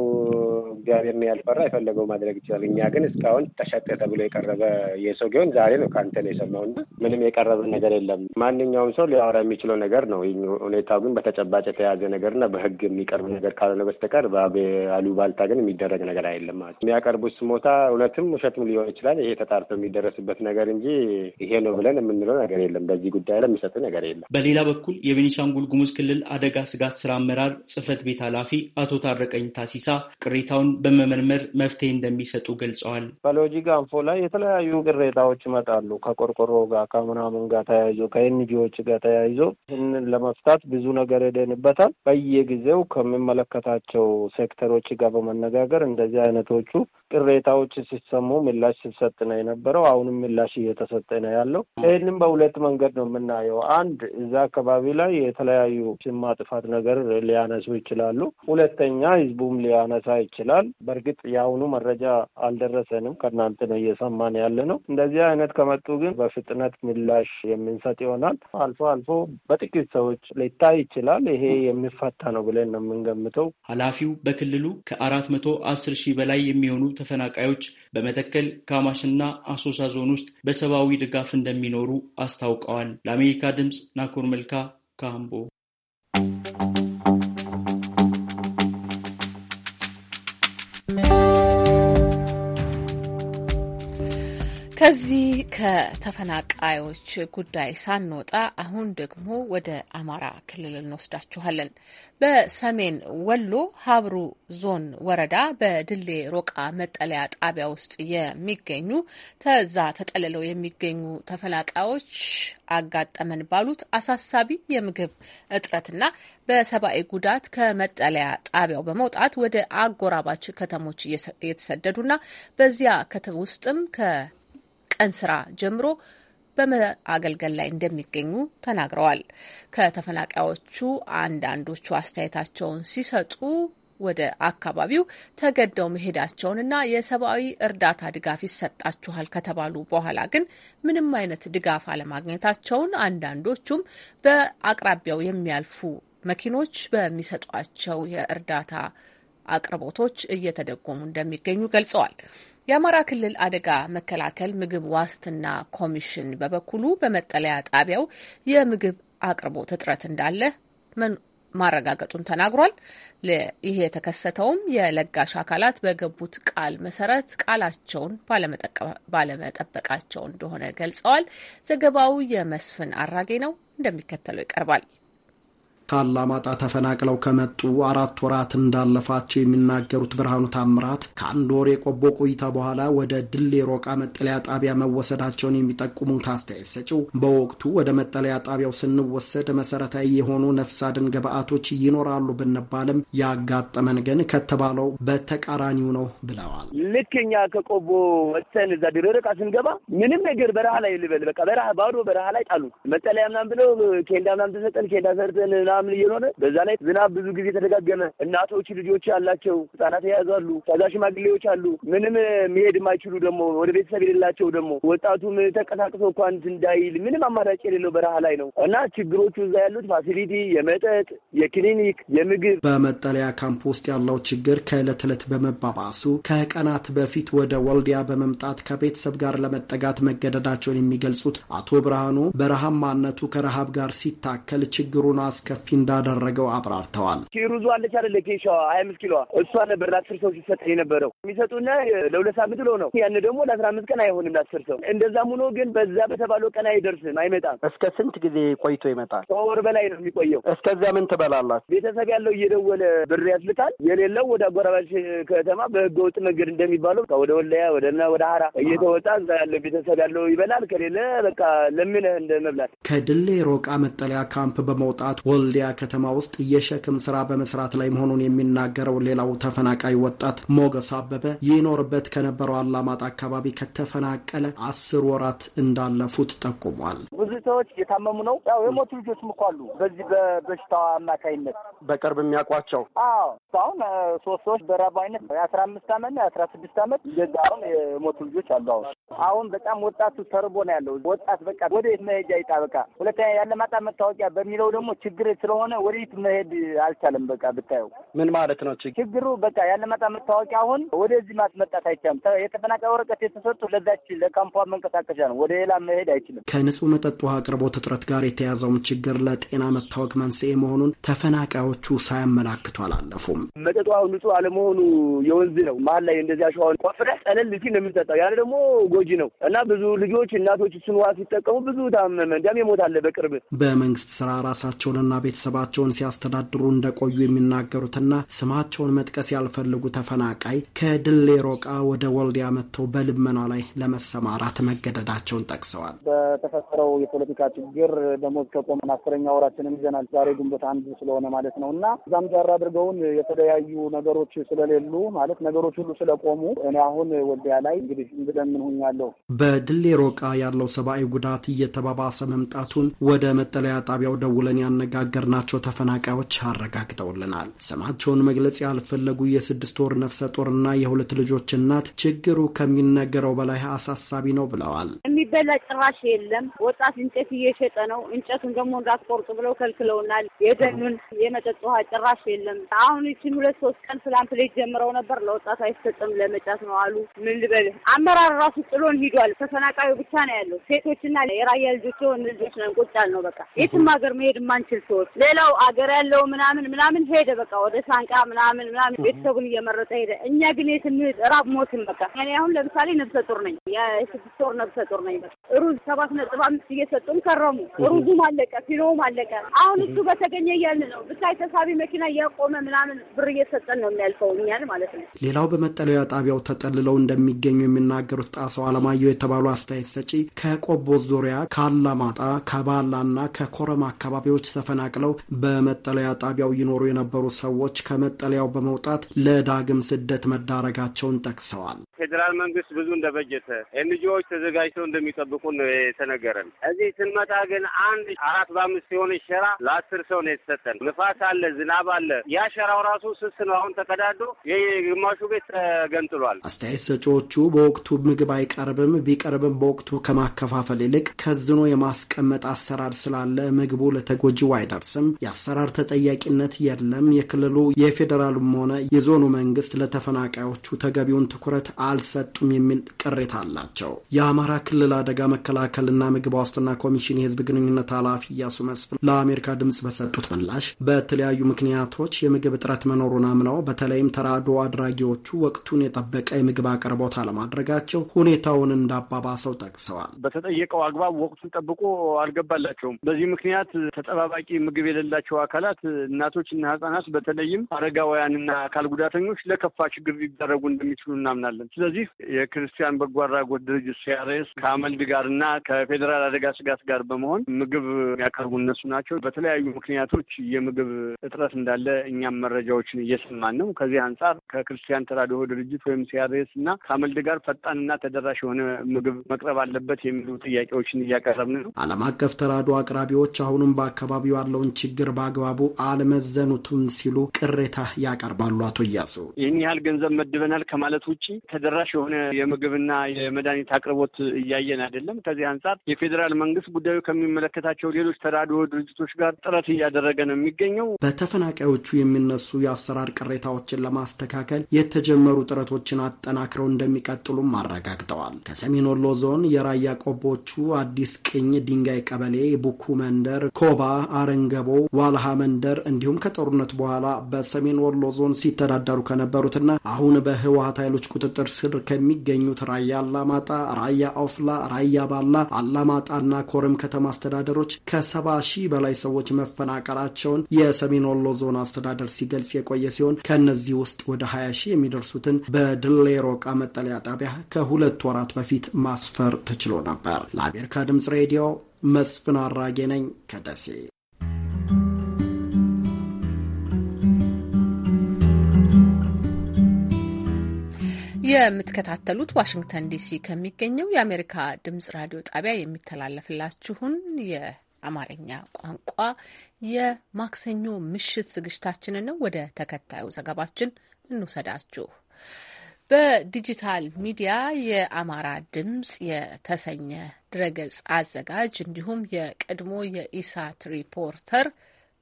J: እግዚአብሔር ነው ያልፈራ የፈለገው ማድረግ ይችላል። እኛ ግን እስካሁን ተሸጠ ተብሎ የቀረበ የሰው ጊሆን ዛሬ ነው ከአንተ ነው የሰማው እና ምንም የቀረበ ነገር የለም። ማንኛውም ሰው ሊያወራ የሚችለው ነገር ነው። ሁኔታው ግን በተጨባጭ የተያዘ ነገርና በህግ የሚቀርብ ነገር ካልሆነ በስተቀር በአሉባልታ ግን የሚደረግ ነገር አይደለም ማለት የሚያቀርቡት ስሞታ እውነትም ውሸትም ሊሆን ይችላል። ይሄ ተጣርቶ የሚደረስበት ነገር እንጂ ይሄ ነው ብለን የምንለው ነገር የለም። በዚህ
K: ጉዳይ ላይ የሚሰጥ ነገር የለም።
I: በሌላ በኩል የቤኒሻንጉል ጉሙዝ ክልል አደጋ ስጋት ስራ አመራር ጽህፈት ቤት ኃላፊ አቶ ታረቀኝ ታሲሳ ቅሬታው ሁኔታውን በመመርመር መፍትሄ እንደሚሰጡ ገልጸዋል።
B: በሎጂ ጋንፎ ላይ የተለያዩ ቅሬታዎች ይመጣሉ። ከቆርቆሮ ጋር ከምናምን ጋር ተያይዞ ከኤንጂዎች ጋር ተያይዞ ይህንን ለመፍታት ብዙ ነገር ሄደንበታል። በየጊዜው ከሚመለከታቸው ሴክተሮች ጋር በመነጋገር እንደዚህ አይነቶቹ ቅሬታዎች ሲሰሙ ምላሽ ሲሰጥ ነው የነበረው። አሁንም ምላሽ እየተሰጠ ነው ያለው። ይህንም በሁለት መንገድ ነው የምናየው። አንድ እዛ አካባቢ ላይ የተለያዩ ስም ማጥፋት ነገር ሊያነሱ ይችላሉ። ሁለተኛ ህዝቡም ሊያነሳ ይችላል። ይችላል። በእርግጥ የአሁኑ መረጃ አልደረሰንም፣ ከእናንተ ነው እየሰማን ያለ ነው። እንደዚህ አይነት ከመጡ ግን በፍጥነት ምላሽ የምንሰጥ ይሆናል። አልፎ አልፎ በጥቂት ሰዎች ሊታይ ይችላል። ይሄ የሚፈታ ነው ብለን ነው የምንገምተው።
I: ኃላፊው በክልሉ ከአራት መቶ አስር ሺህ በላይ የሚሆኑ ተፈናቃዮች በመተከል ካማሽና አሶሳ ዞን ውስጥ በሰብአዊ ድጋፍ እንደሚኖሩ አስታውቀዋል። ለአሜሪካ ድምፅ ናኮር መልካ ካምቦ
A: ከዚህ ከተፈናቃዮች ጉዳይ ሳንወጣ አሁን ደግሞ ወደ አማራ ክልል እንወስዳችኋለን። በሰሜን ወሎ ሀብሩ ዞን ወረዳ በድሌ ሮቃ መጠለያ ጣቢያ ውስጥ የሚገኙ ተዛ ተጠልለው የሚገኙ ተፈናቃዮች አጋጠመን ባሉት አሳሳቢ የምግብ እጥረትና በሰብአዊ ጉዳት ከመጠለያ ጣቢያው በመውጣት ወደ አጎራባች ከተሞች እየተሰደዱና በዚያ ከተማ ውስጥም ከ ቀን ስራ ጀምሮ በመአገልገል ላይ እንደሚገኙ ተናግረዋል። ከተፈናቃዮቹ አንዳንዶቹ አስተያየታቸውን ሲሰጡ ወደ አካባቢው ተገደው መሄዳቸውንና የሰብአዊ እርዳታ ድጋፍ ይሰጣችኋል ከተባሉ በኋላ ግን ምንም አይነት ድጋፍ አለማግኘታቸውን፣ አንዳንዶቹም በአቅራቢያው የሚያልፉ መኪኖች በሚሰጧቸው የእርዳታ አቅርቦቶች እየተደጎሙ እንደሚገኙ ገልጸዋል። የአማራ ክልል አደጋ መከላከል ምግብ ዋስትና ኮሚሽን በበኩሉ በመጠለያ ጣቢያው የምግብ አቅርቦት እጥረት እንዳለ ማረጋገጡን ተናግሯል። ይህ የተከሰተውም የለጋሽ አካላት በገቡት ቃል መሰረት ቃላቸውን ባለመጠበቃቸው እንደሆነ ገልጸዋል። ዘገባው የመስፍን አራጌ ነው፣ እንደሚከተለው ይቀርባል።
N: ከአላማጣ ተፈናቅለው ከመጡ አራት ወራት እንዳለፋቸው የሚናገሩት ብርሃኑ ታምራት ከአንድ ወር የቆቦ ቆይታ በኋላ ወደ ድሌ ሮቃ መጠለያ ጣቢያ መወሰዳቸውን የሚጠቁሙት አስተያየት ሰጪው በወቅቱ ወደ መጠለያ ጣቢያው ስንወሰድ መሰረታዊ የሆኑ ነፍስ አድን ግብዓቶች ይኖራሉ ብንባልም ያጋጠመን ግን ከተባለው በተቃራኒው ነው ብለዋል።
O: ልክ እኛ ከቆቦ ወጥተን እዛ ድሬ ሮቃ ስንገባ ምንም ነገር በረሃ ላይ ልበል በቃ በረሃ ባዶ በረሃ ላይ ጣሉ። መጠለያ ምናምን ብለው ኬንዳ ምናምን ተሰጠን ኬንዳ ሰርተን ምናምን እየሆነ በዛ ላይ ዝናብ ብዙ ጊዜ ተደጋገመ። እናቶች ልጆች ያላቸው ህጻናት የያዛሉ፣ ከዛ ሽማግሌዎች አሉ፣ ምንም መሄድ የማይችሉ ደግሞ ወደ ቤተሰብ የሌላቸው ደግሞ ወጣቱም ተንቀሳቅሶ እንኳን እንዳይል ምንም አማራጭ የሌለው በረሃ
N: ላይ ነው እና ችግሮቹ እዛ ያሉት ፋሲሊቲ የመጠጥ የክሊኒክ የምግብ በመጠለያ ካምፕ ውስጥ ያለው ችግር ከእለት እለት በመባባሱ ከቀናት በፊት ወደ ወልዲያ በመምጣት ከቤተሰብ ጋር ለመጠጋት መገደዳቸውን የሚገልጹት አቶ ብርሃኑ በረሃማነቱ ከረሃብ ጋር ሲታከል ችግሩን አስከፍ ሰፊ እንዳደረገው አብራርተዋል። ሩዙ አለች
O: አለ ኬሻ ሀያ አምስት ኪሎ እሷ ነበር ለአስር ሰው ሲሰጥ የነበረው የሚሰጡና ለሁለት ሳምንት ሎ ነው ያን ደግሞ ለአስራ አምስት ቀን አይሆንም ለአስር ሰው እንደዛም ሆኖ ግን በዛ በተባለው ቀን አይደርስም፣ አይመጣም።
C: እስከ ስንት ጊዜ ቆይቶ ይመጣል?
O: ከወር በላይ ነው የሚቆየው።
C: እስከዚያ ምን ትበላላት?
O: ቤተሰብ ያለው እየደወለ ብር ያስልካል። የሌለው ወደ አጎራባች ከተማ በህገ ወጥ መንገድ እንደሚባለው ወደ ወለያ ወደና ወደ ሀራ እየተወጣ እዛ ያለ ቤተሰብ ያለው ይበላል። ከሌለ በቃ ለምነህ እንደ መብላት
N: ከድሌ ሮቃ መጠለያ ካምፕ በመውጣት ወል ወልዲያ ከተማ ውስጥ የሸክም ስራ በመስራት ላይ መሆኑን የሚናገረው ሌላው ተፈናቃይ ወጣት ሞገስ አበበ ይኖርበት ከነበረው አላማጣ አካባቢ ከተፈናቀለ አስር ወራት እንዳለፉት ጠቁሟል።
O: ብዙ ሰዎች እየታመሙ ነው። ያው የሞቱ ልጆችም እኮ አሉ በዚህ በበሽታው አማካይነት
C: በቅርብ የሚያውቋቸው።
O: አዎ አሁን ሶስት ሰዎች በራብ አይነት የአስራ አምስት አመት የአስራ ስድስት አመት እንደዛ አሁን የሞቱ ልጆች አሉ። አሁን አሁን በጣም ወጣቱ ተርቦ ነው ያለው። ወጣት በቃ ወደ የት መሄጃ ይጣ በቃ ሁለተኛ ያለማጣ መታወቂያ በሚለው ደግሞ ችግር ስለሆነ ወደፊት መሄድ አልቻለም። በቃ ብታየው
N: ምን ማለት ነው ችግሩ?
O: በቃ ያለመጣ መታወቂያ አሁን ወደዚህ ማስመጣት አይቻልም። የተፈናቃይ ወረቀት የተሰጡ ለዛች ለካምፖ መንቀሳቀሻ ነው። ወደ ሌላ መሄድ አይችልም።
N: ከንጹህ መጠጥ ውሃ አቅርቦት እጥረት ጋር የተያዘውን ችግር ለጤና መታወቅ መንስኤ መሆኑን ተፈናቃዮቹ ሳያመላክቱ አላለፉም።
O: መጠጥ ውሃው ንጹህ አለመሆኑ የወንዝ ነው። መሀል ላይ እንደዚያ ሸዋን ቆፍረህ ጠለል ልቲ ነው የምንጠጣው። ያን ደግሞ ጎጂ ነው እና ብዙ ልጆች እናቶች እሱን ውሃ ሲጠቀሙ ብዙ ታመመ፣ እንዲያም የሞት አለ
N: በቅርብ በመንግስት ስራ ራሳቸውንና ቤት ቤተሰባቸውን ሲያስተዳድሩ እንደቆዩ የሚናገሩትና ስማቸውን መጥቀስ ያልፈልጉ ተፈናቃይ ከድሌ ሮቃ ወደ ወልዲያ መጥተው በልመና ላይ ለመሰማራት መገደዳቸውን ጠቅሰዋል።
B: በተፈጠረው የፖለቲካ ችግር ደሞዝ ከቆመን አስረኛ ወራችንን ይዘናል። ዛሬ ግንቦት አንዱ ስለሆነ ማለት ነው እና እዛም ጃር አድርገውን የተለያዩ ነገሮች ስለሌሉ ማለት ነገሮች ሁሉ ስለቆሙ እኔ አሁን ወልዲያ ላይ እንግዲህ እንደምን ሁኛለሁ።
N: በድሌ ሮቃ ያለው ሰብአዊ ጉዳት እየተባባሰ መምጣቱን ወደ መጠለያ ጣቢያው ደውለን ያነጋገር ናቸው ተፈናቃዮች አረጋግጠውልናል። ስማቸውን መግለጽ ያልፈለጉ የስድስት ወር ነፍሰ ጡርና የሁለት ልጆች እናት ችግሩ ከሚነገረው በላይ አሳሳቢ ነው ብለዋል።
D: የሚበላ ጭራሽ የለም። ወጣት እንጨት እየሸጠ ነው። እንጨቱን ደግሞ እንዳትቆርጡ ብለው ከልክለውናል። የደኑን የመጠጥ ውሃ ጭራሽ የለም። አሁን ይችን ሁለት ሶስት ቀን ትላንት ጀምረው ነበር። ለወጣት አይሰጥም ለመጫት ነው አሉ። ምን ልበል? አመራር ራሱ ጥሎን ሂዷል። ተፈናቃዩ ብቻ ነው ያለው። ሴቶችና የራያ ልጆች ሆን ልጆች ነን ቁጫል ነው በቃ የትም ሀገር መሄድ የማንችል ሰዎች። ሌላው አገር ያለው ምናምን ምናምን ሄደ በቃ ወደ ሳንቃ ምናምን ምናምን ቤተሰቡን እየመረጠ ሄደ። እኛ ግን የትም ራብ ሞትን በቃ። እኔ አሁን ለምሳሌ ነብሰ ጡር ነኝ፣ የስድስት ወር ነብሰ ጡር ነኝ። ሩዝ ሰባት ነጥብ አምስት እየሰጡን ከረሙ። ሩዙም አለቀ፣ ፊኖውም አለቀ። አሁን እሱ በተገኘ እያልን ነው። ብታይ ተሳቢ መኪና እያቆመ ምናምን ብር እየሰጠን ነው የሚያልፈው እኛን ማለት ነው።
N: ሌላው በመጠለያ ጣቢያው ተጠልለው እንደሚገኙ የሚናገሩት ጣሰው አለማየሁ የተባሉ አስተያየት ሰጪ ከቆቦ ዙሪያ ከአላማጣ ከባላና ከኮረማ አካባቢዎች ተፈናቅለው በመጠለያ ጣቢያው ይኖሩ የነበሩ ሰዎች ከመጠለያው በመውጣት ለዳግም ስደት መዳረጋቸውን ጠቅሰዋል።
C: ፌዴራል መንግስት ብዙ እንደበጀተ ኤንጂዎች ተዘጋጅተው እንደሚጠብቁን የተነገረን። እዚህ ስንመጣ ግን አንድ አራት በአምስት የሆነ ሸራ ለአስር ሰው ነው የተሰጠን። ንፋስ አለ፣ ዝናብ አለ። ያ ሸራው ራሱ ስስ ነው። አሁን ተቀዳዶ የግማሹ ቤት ተገንጥሏል። አስተያየት
N: ሰጪዎቹ በወቅቱ ምግብ አይቀርብም፣ ቢቀርብም በወቅቱ ከማከፋፈል ይልቅ ከዝኖ የማስቀመጥ አሰራር ስላለ ምግቡ ለተጎጂው አይደርስም፣ የአሰራር ተጠያቂነት የለም፣ የክልሉ የፌዴራሉም ሆነ የዞኑ መንግስት ለተፈናቃዮቹ ተገቢውን ትኩረት አልሰጡም የሚል ቅሬታ አላቸው። የአማራ ክልል ለአደጋ መከላከልና ምግብ ዋስትና ኮሚሽን የህዝብ ግንኙነት ኃላፊ እያሱ መስፍን ለአሜሪካ ድምጽ በሰጡት ምላሽ በተለያዩ ምክንያቶች የምግብ እጥረት መኖሩን አምነው በተለይም ተራዶ አድራጊዎቹ ወቅቱን የጠበቀ የምግብ አቅርቦት አለማድረጋቸው ሁኔታውን እንዳባባሰው ጠቅሰዋል።
C: በተጠየቀው አግባብ ወቅቱን ጠብቆ አልገባላቸውም። በዚህ ምክንያት ተጠባባቂ ምግብ የሌላቸው አካላት እናቶችና ህጻናት በተለይም አረጋውያንና አካል ጉዳተኞች ለከፋ ችግር ሊደረጉ እንደሚችሉ እናምናለን። ስለዚህ የክርስቲያን በጎ አድራጎት ድርጅት ሲያሬስ ከመልቢ ጋር እና ከፌዴራል አደጋ ስጋት ጋር በመሆን ምግብ የሚያቀርቡ እነሱ ናቸው። በተለያዩ ምክንያቶች የምግብ እጥረት እንዳለ እኛም መረጃዎችን እየሰማን ነው። ከዚህ አንጻር ከክርስቲያን ተራድኦ ድርጅት ወይም ሲያሬስ እና ከመልድ ጋር ፈጣንና ተደራሽ የሆነ ምግብ መቅረብ አለበት የሚሉ ጥያቄዎችን እያቀረብን ነው።
N: ዓለም አቀፍ ተራድኦ አቅራቢዎች አሁንም በአካባቢው ያለውን ችግር በአግባቡ አልመዘኑትም ሲሉ ቅሬታ ያቀርባሉ። አቶ እያሱ
C: ይህን ያህል ገንዘብ መድበናል ከማለት ውጭ ተደራሽ የሆነ የምግብና የመድኃኒት አቅርቦት እያየ ዜና አይደለም። ከዚህ አንጻር የፌዴራል መንግስት ጉዳዩ ከሚመለከታቸው ሌሎች ተራድኦ ድርጅቶች ጋር ጥረት እያደረገ ነው የሚገኘው።
N: በተፈናቃዮቹ የሚነሱ የአሰራር ቅሬታዎችን ለማስተካከል የተጀመሩ ጥረቶችን አጠናክረው እንደሚቀጥሉም አረጋግጠዋል። ከሰሜን ወሎ ዞን የራያ ቆቦቹ አዲስ ቅኝ ድንጋይ ቀበሌ፣ ቡኩ መንደር፣ ኮባ አረንገቦ፣ ዋልሃ መንደር እንዲሁም ከጦርነት በኋላ በሰሜን ወሎ ዞን ሲተዳደሩ ከነበሩትና አሁን በህወሀት ኃይሎች ቁጥጥር ስር ከሚገኙት ራያ አላማጣ፣ ራያ ኦፍላ፣ ራያ ባላ፣ አላማጣና ኮረም ከተማ አስተዳደሮች ከሰባ ሺህ በላይ ሰዎች መፈናቀላቸውን የሰሜን ወሎ ዞን አስተዳደር ሲገልጽ የቆየ ሲሆን ከእነዚህ ውስጥ ወደ 20 ሺህ የሚደርሱትን በድሌ ሮቃ መጠለያ ጣቢያ ከሁለት ወራት በፊት ማስፈር ተችሎ ነበር። ለአሜሪካ ድምጽ ሬዲዮ መስፍን አራጌ ነኝ ከደሴ።
A: የምትከታተሉት ዋሽንግተን ዲሲ ከሚገኘው የአሜሪካ ድምጽ ራዲዮ ጣቢያ የሚተላለፍላችሁን የአማርኛ ቋንቋ የማክሰኞ ምሽት ዝግጅታችንን ነው። ወደ ተከታዩ ዘገባችን እንውሰዳችሁ። በዲጂታል ሚዲያ የአማራ ድምጽ የተሰኘ ድረገጽ አዘጋጅ እንዲሁም የቀድሞ የኢሳት ሪፖርተር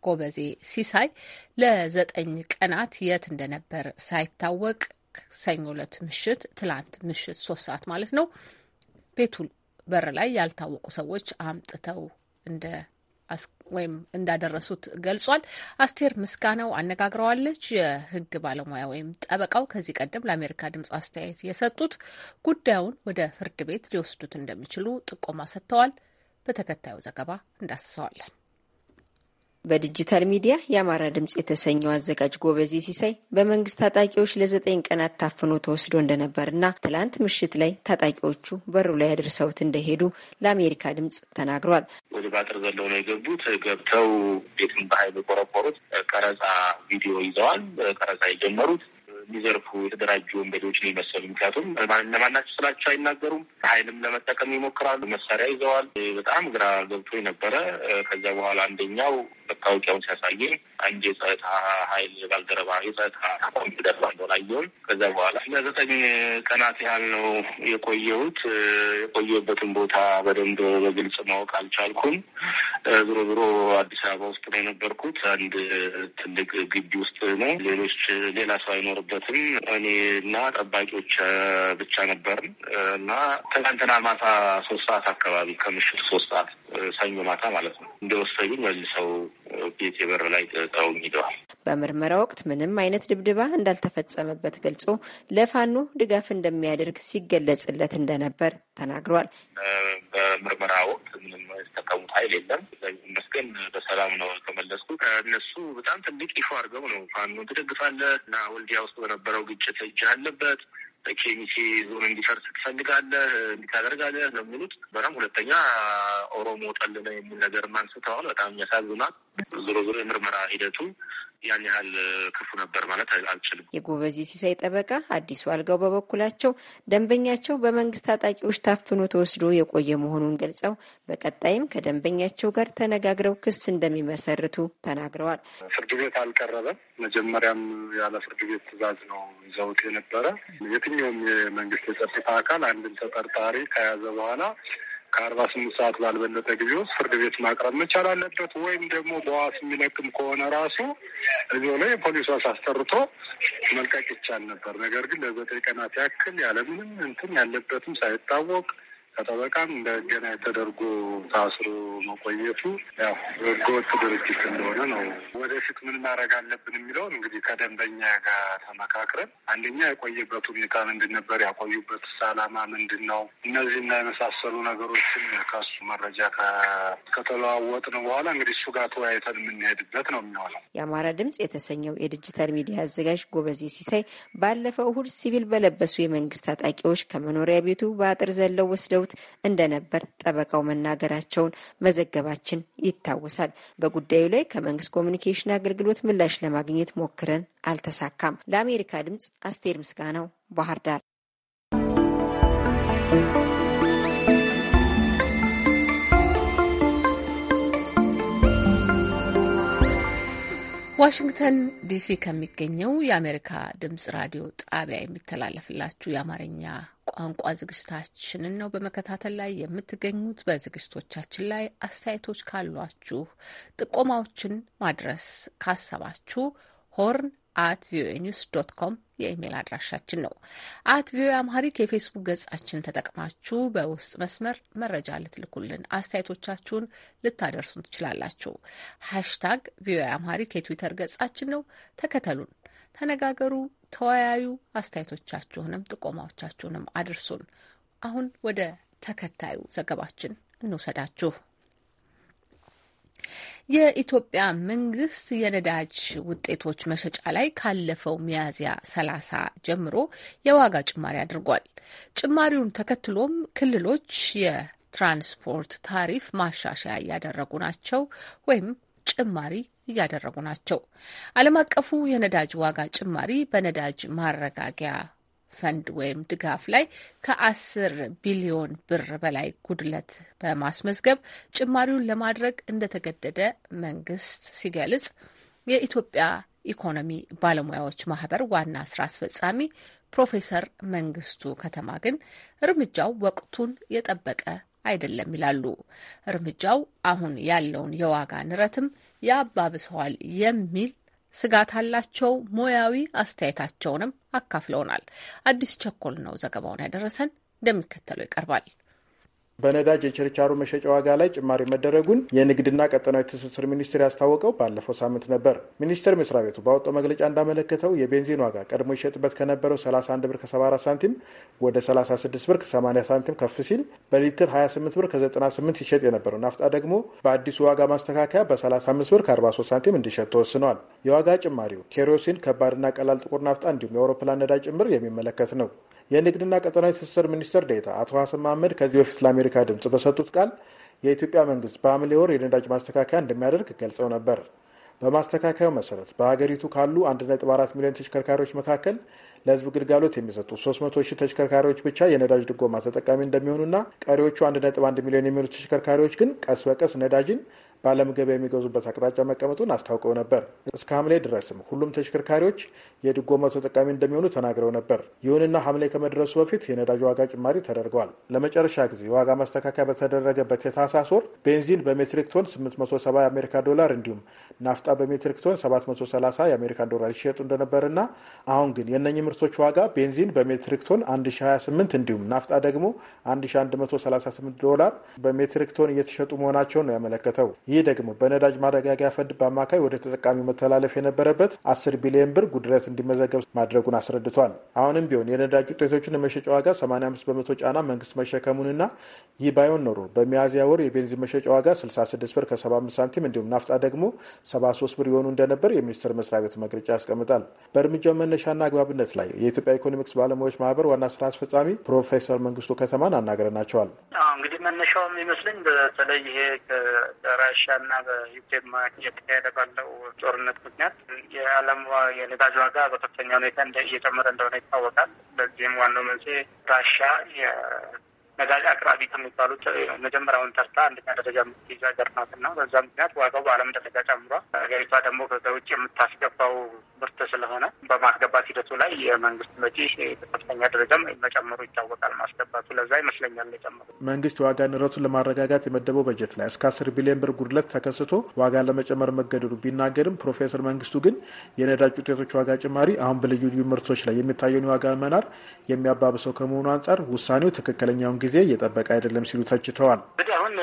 A: ጎበዜ ሲሳይ ለዘጠኝ ቀናት የት እንደነበር ሳይታወቅ ሰኞ ዕለት ምሽት ትላንት ምሽት ሶስት ሰዓት ማለት ነው ቤቱ በር ላይ ያልታወቁ ሰዎች አምጥተው እንደ ወይም እንዳደረሱት ገልጿል። አስቴር ምስጋናው አነጋግረዋለች። የህግ ባለሙያ ወይም ጠበቃው ከዚህ ቀደም ለአሜሪካ ድምጽ አስተያየት የሰጡት ጉዳዩን ወደ ፍርድ ቤት ሊወስዱት እንደሚችሉ ጥቆማ ሰጥተዋል። በተከታዩ ዘገባ እንዳስሰዋለን።
P: በዲጂታል ሚዲያ የአማራ ድምፅ የተሰኘው አዘጋጅ ጎበዜ ሲሳይ በመንግስት ታጣቂዎች ለዘጠኝ ቀናት ታፍኖ ተወስዶ እንደነበርና ትላንት ምሽት ላይ ታጣቂዎቹ በሩ ላይ አድርሰውት እንደሄዱ ለአሜሪካ ድምፅ ተናግሯል።
F: ወደ ባጥር ዘለው ነው የገቡት። ገብተው ቤትም በኃይል የቆረቆሩት። ቀረጻ ቪዲዮ ይዘዋል። ቀረጻ የጀመሩት የሚዘርፉ የተደራጁ ወንበዴዎች ነው የመሰሉ። ምክንያቱም ለማናቸው ስላቸው አይናገሩም። ኃይልም ለመጠቀም ይሞክራሉ። መሳሪያ ይዘዋል። በጣም ግራ ገብቶ ነበረ። ከዛ በኋላ አንደኛው መታወቂያውን ሲያሳየ አንድ የጸጥታ ኃይል ባልደረባ የጸጥታ ተቋም ደርባ እንደሆነ አየሁኝ። ከዛ በኋላ ለዘጠኝ ቀናት ያህል ነው የቆየሁት። የቆየበትን ቦታ በደንብ በግልጽ ማወቅ አልቻልኩም። ዞሮ ዞሮ አዲስ አበባ ውስጥ ነው የነበርኩት። አንድ ትልቅ ግቢ ውስጥ ነው። ሌሎች ሌላ ሰው አይኖርም እኔ እና ጠባቂዎች ብቻ ነበርን እና ትናንትና ማታ ሶስት ሰዓት አካባቢ ከምሽት ሶስት ሰዓት ሰኞ ማታ ማለት ነው እንደወሰዱኝ መልሰው ቤት የበር ላይ ጥለውኝ ሂደዋል።
P: በምርመራ ወቅት ምንም አይነት ድብድባ እንዳልተፈጸመበት ገልጾ ለፋኖ ድጋፍ እንደሚያደርግ ሲገለጽለት እንደነበር ተናግሯል።
F: በምርመራ ወቅት ምንም የሚጠቀሙት ሀይል የለም። ይመስገን በሰላም ነው ተመለስኩ። እነሱ በጣም ትልቅ ይፎ አድርገው ነው ፋኖን ትደግፋለህ እና ወልዲያ ውስጥ በነበረው ግጭት እጅ አለበት ኬሚሲ ዞን እንዲፈርስ ትፈልጋለህ እንዲታደርጋለህ ለሚሉት በጣም ሁለተኛ ኦሮሞ ጠልነ የሚል ነገር ማንስተዋል። በጣም ያሳዝናል። ዞሮ ዞሮ የምርመራ ሂደቱ ያን ያህል ክፉ ነበር ማለት
P: አልችልም። የጎበዜ ሲሳይ ጠበቃ አዲሱ አልጋው በበኩላቸው ደንበኛቸው በመንግስት ታጣቂዎች ታፍኖ ተወስዶ የቆየ መሆኑን ገልጸው በቀጣይም ከደንበኛቸው ጋር ተነጋግረው ክስ እንደሚመሰርቱ ተናግረዋል።
F: ፍርድ ቤት አልቀረበም። መጀመሪያም ያለ ፍርድ ቤት ትዕዛዝ ነው ይዘውት የነበረ። የትኛውም የመንግስት የጸጥታ አካል አንድን ተጠርጣሪ ከያዘ በኋላ ከአርባ ስምንት ሰዓት ባልበለጠ ጊዜ ውስጥ ፍርድ ቤት ማቅረብ መቻል አለበት። ወይም ደግሞ በዋስ የሚለቅም ከሆነ ራሱ እዚሁ ላይ የፖሊስ ዋስ አስጠርቶ መልቀቅ ይቻል ነበር። ነገር ግን ለዘጠኝ ቀናት ያክል ያለምንም እንትን ያለበትም ሳይታወቅ ከጠበቃም እንደገና ተደርጎ ታስሮ መቆየቱ ያው ህገወጥ ድርጅት እንደሆነ ነው። ወደፊት ምን ማድረግ አለብን የሚለውን እንግዲህ ከደንበኛ ጋር ተመካክረን አንደኛ የቆየበት ሁኔታ ምንድን ነበር፣ ያቆዩበት አላማ ምንድን ነው፣ እነዚህና የመሳሰሉ ነገሮችን ከሱ መረጃ ከተለዋወጥን በኋላ እንግዲህ እሱ ጋር ተወያይተን የምንሄድበት ነው የሚሆነው።
P: የአማራ ድምጽ የተሰኘው የዲጂታል ሚዲያ አዘጋጅ ጎበዜ ሲሳይ ባለፈው እሁድ ሲቪል በለበሱ የመንግስት ታጣቂዎች ከመኖሪያ ቤቱ በአጥር ዘለው ወስደው ተናግረውት እንደነበር ጠበቃው መናገራቸውን መዘገባችን ይታወሳል። በጉዳዩ ላይ ከመንግስት ኮሚኒኬሽን አገልግሎት ምላሽ ለማግኘት ሞክረን አልተሳካም። ለአሜሪካ ድምጽ አስቴር ምስጋናው ባህር ዳር
A: ዋሽንግተን ዲሲ ከሚገኘው የአሜሪካ ድምጽ ራዲዮ ጣቢያ የሚተላለፍላችሁ የአማርኛ ቋንቋ ዝግጅታችንን ነው በመከታተል ላይ የምትገኙት። በዝግጅቶቻችን ላይ አስተያየቶች ካሏችሁ፣ ጥቆማዎችን ማድረስ ካሰባችሁ ሆርን አት ቪኦኤ ኒውስ ዶት ኮም የኢሜይል አድራሻችን ነው። አት ቪኦኤ አምሃሪክ የፌስቡክ ገጻችን ተጠቅማችሁ በውስጥ መስመር መረጃ ልትልኩልን፣ አስተያየቶቻችሁን ልታደርሱን ትችላላችሁ። ሃሽታግ ቪኦኤ አምሃሪክ የትዊተር ገጻችን ነው። ተከተሉን፣ ተነጋገሩ፣ ተወያዩ። አስተያየቶቻችሁንም ጥቆማዎቻችሁንም አድርሱን። አሁን ወደ ተከታዩ ዘገባችን እንውሰዳችሁ። የኢትዮጵያ መንግስት የነዳጅ ውጤቶች መሸጫ ላይ ካለፈው ሚያዝያ 30 ጀምሮ የዋጋ ጭማሪ አድርጓል። ጭማሪውን ተከትሎም ክልሎች የትራንስፖርት ታሪፍ ማሻሻያ እያደረጉ ናቸው ወይም ጭማሪ እያደረጉ ናቸው። ዓለም አቀፉ የነዳጅ ዋጋ ጭማሪ በነዳጅ ማረጋጊያ ፈንድ ወይም ድጋፍ ላይ ከአስር ቢሊዮን ብር በላይ ጉድለት በማስመዝገብ ጭማሪውን ለማድረግ እንደተገደደ መንግስት ሲገልጽ የኢትዮጵያ ኢኮኖሚ ባለሙያዎች ማህበር ዋና ስራ አስፈጻሚ ፕሮፌሰር መንግስቱ ከተማ ግን እርምጃው ወቅቱን የጠበቀ አይደለም ይላሉ። እርምጃው አሁን ያለውን የዋጋ ንረትም ያባብሰዋል የሚል ስጋት አላቸው። ሙያዊ አስተያየታቸውንም አካፍለውናል። አዲስ ቸኮል ነው ዘገባውን ያደረሰን፣ እንደሚከተለው ይቀርባል።
G: በነዳጅ የችርቻሩ መሸጫ ዋጋ ላይ ጭማሪ መደረጉን የንግድና ቀጠናዊ ትስስር ሚኒስቴር ያስታወቀው ባለፈው ሳምንት ነበር። ሚኒስቴር መስሪያ ቤቱ ባወጣው መግለጫ እንዳመለከተው የቤንዚን ዋጋ ቀድሞ ይሸጥበት ከነበረው 31 ብር ከ74 ሳንቲም ወደ 36 ብር ከ80 ሳንቲም ከፍ ሲል በሊትር 28 ብር ከ98 ይሸጥ የነበረው ናፍጣ ደግሞ በአዲሱ ዋጋ ማስተካከያ በ35 ብር ከ43 ሳንቲም እንዲሸጥ ተወስኗል። የዋጋ ጭማሪው ኬሮሲን፣ ከባድና ቀላል ጥቁር ናፍጣ እንዲሁም የአውሮፕላን ነዳጅ ጭምር የሚመለከት ነው። የንግድና ቀጠናዊ ትስስር ሚኒስትር ዴታ አቶ ሀሰን መሀመድ ከዚህ በፊት ለአሜሪካ ድምጽ በሰጡት ቃል የኢትዮጵያ መንግስት በሐምሌ ወር የነዳጅ ማስተካከያ እንደሚያደርግ ገልጸው ነበር። በማስተካከያው መሰረት በሀገሪቱ ካሉ 1.4 ሚሊዮን ተሽከርካሪዎች መካከል ለህዝብ ግልጋሎት የሚሰጡ 300 ሺህ ተሽከርካሪዎች ብቻ የነዳጅ ድጎማ ተጠቃሚ እንደሚሆኑና ቀሪዎቹ 1.1 ሚሊዮን የሚሆኑ ተሽከርካሪዎች ግን ቀስ በቀስ ነዳጅን በዓለም ገበያ የሚገዙበት አቅጣጫ መቀመጡን አስታውቀው ነበር። እስከ ሐምሌ ድረስም ሁሉም ተሽከርካሪዎች የድጎማው ተጠቃሚ እንደሚሆኑ ተናግረው ነበር። ይሁንና ሐምሌ ከመድረሱ በፊት የነዳጅ ዋጋ ጭማሪ ተደርገዋል። ለመጨረሻ ጊዜ የዋጋ ማስተካከያ በተደረገበት የታህሳስ ወር ቤንዚን በሜትሪክ ቶን 870 የአሜሪካ ዶላር እንዲሁም ናፍጣ በሜትሪክ ቶን 730 የአሜሪካን ዶላር ይሸጡ እንደነበርና አሁን ግን የእነኚህ ምርቶች ዋጋ ቤንዚን በሜትሪክ ቶን 1028 እንዲሁም ናፍጣ ደግሞ 1138 ዶላር በሜትሪክ ቶን እየተሸጡ መሆናቸውን ነው ያመለከተው። ይህ ደግሞ በነዳጅ ማረጋጊያ ፈንድ በአማካይ ወደ ተጠቃሚው መተላለፍ የነበረበት አስር ቢሊዮን ብር ጉድለት እንዲመዘገብ ማድረጉን አስረድቷል። አሁንም ቢሆን የነዳጅ ውጤቶችን የመሸጫ ዋጋ 85 በመቶ ጫና መንግስት መሸከሙንና ይህ ባይሆን ኖሮ በሚያዝያ ወር የቤንዚን መሸጫ ዋጋ 66 ብር ከ75 ሳንቲም እንዲሁም ናፍጣ ደግሞ 73 ብር የሆኑ እንደነበር የሚኒስቴር መስሪያ ቤት መግለጫ ያስቀምጣል። በእርምጃው መነሻና አግባብነት ላይ የኢትዮጵያ ኢኮኖሚክስ ባለሙያዎች ማህበር ዋና ስራ አስፈጻሚ ፕሮፌሰር መንግስቱ ከተማን አናግረናቸዋል።
M: እንግዲህ መነሻውም ይመስለኝ በተለይ ይሄ በራሽያና በዩክሬን እየተካሄደ ባለው ጦርነት ምክንያት የዓለም የነዳጅ ዋጋ በከፍተኛ ሁኔታ እንደ እየጨመረ እንደሆነ ይታወቃል። በዚህም ዋናው መንስኤ ራሻ የነዳጅ አቅራቢ ከሚባሉት መጀመሪያውን ተርታ አንደኛ ደረጃ የምትይዝ ሀገር ናት እና በዛ ምክንያት ዋጋው በዓለም ደረጃ ጨምሯል። ሀገሪቷ ደግሞ ከዛ ውጭ የምታስገባው ምርት ስለሆነ በማስገባት ሂደቱ ላይ የመንግስት ወጪ በከፍተኛ ደረጃም መጨመሩ ይታወቃል። ማስገባቱ ለዛ ይመስለኛል
G: የጨመሩ። መንግስት የዋጋ ንረቱን ለማረጋጋት የመደበው በጀት ላይ እስከ አስር ቢሊዮን ብር ጉድለት ተከስቶ ዋጋ ለመጨመር መገደዱ ቢናገርም ፕሮፌሰር መንግስቱ ግን የነዳጅ ውጤቶች ዋጋ ጭማሪ አሁን በልዩ ልዩ ምርቶች ላይ የሚታየውን የዋጋ መናር የሚያባብሰው ከመሆኑ አንጻር ውሳኔው ትክክለኛውን ጊዜ እየጠበቀ አይደለም ሲሉ ተችተዋል።
M: እንግዲህ አሁን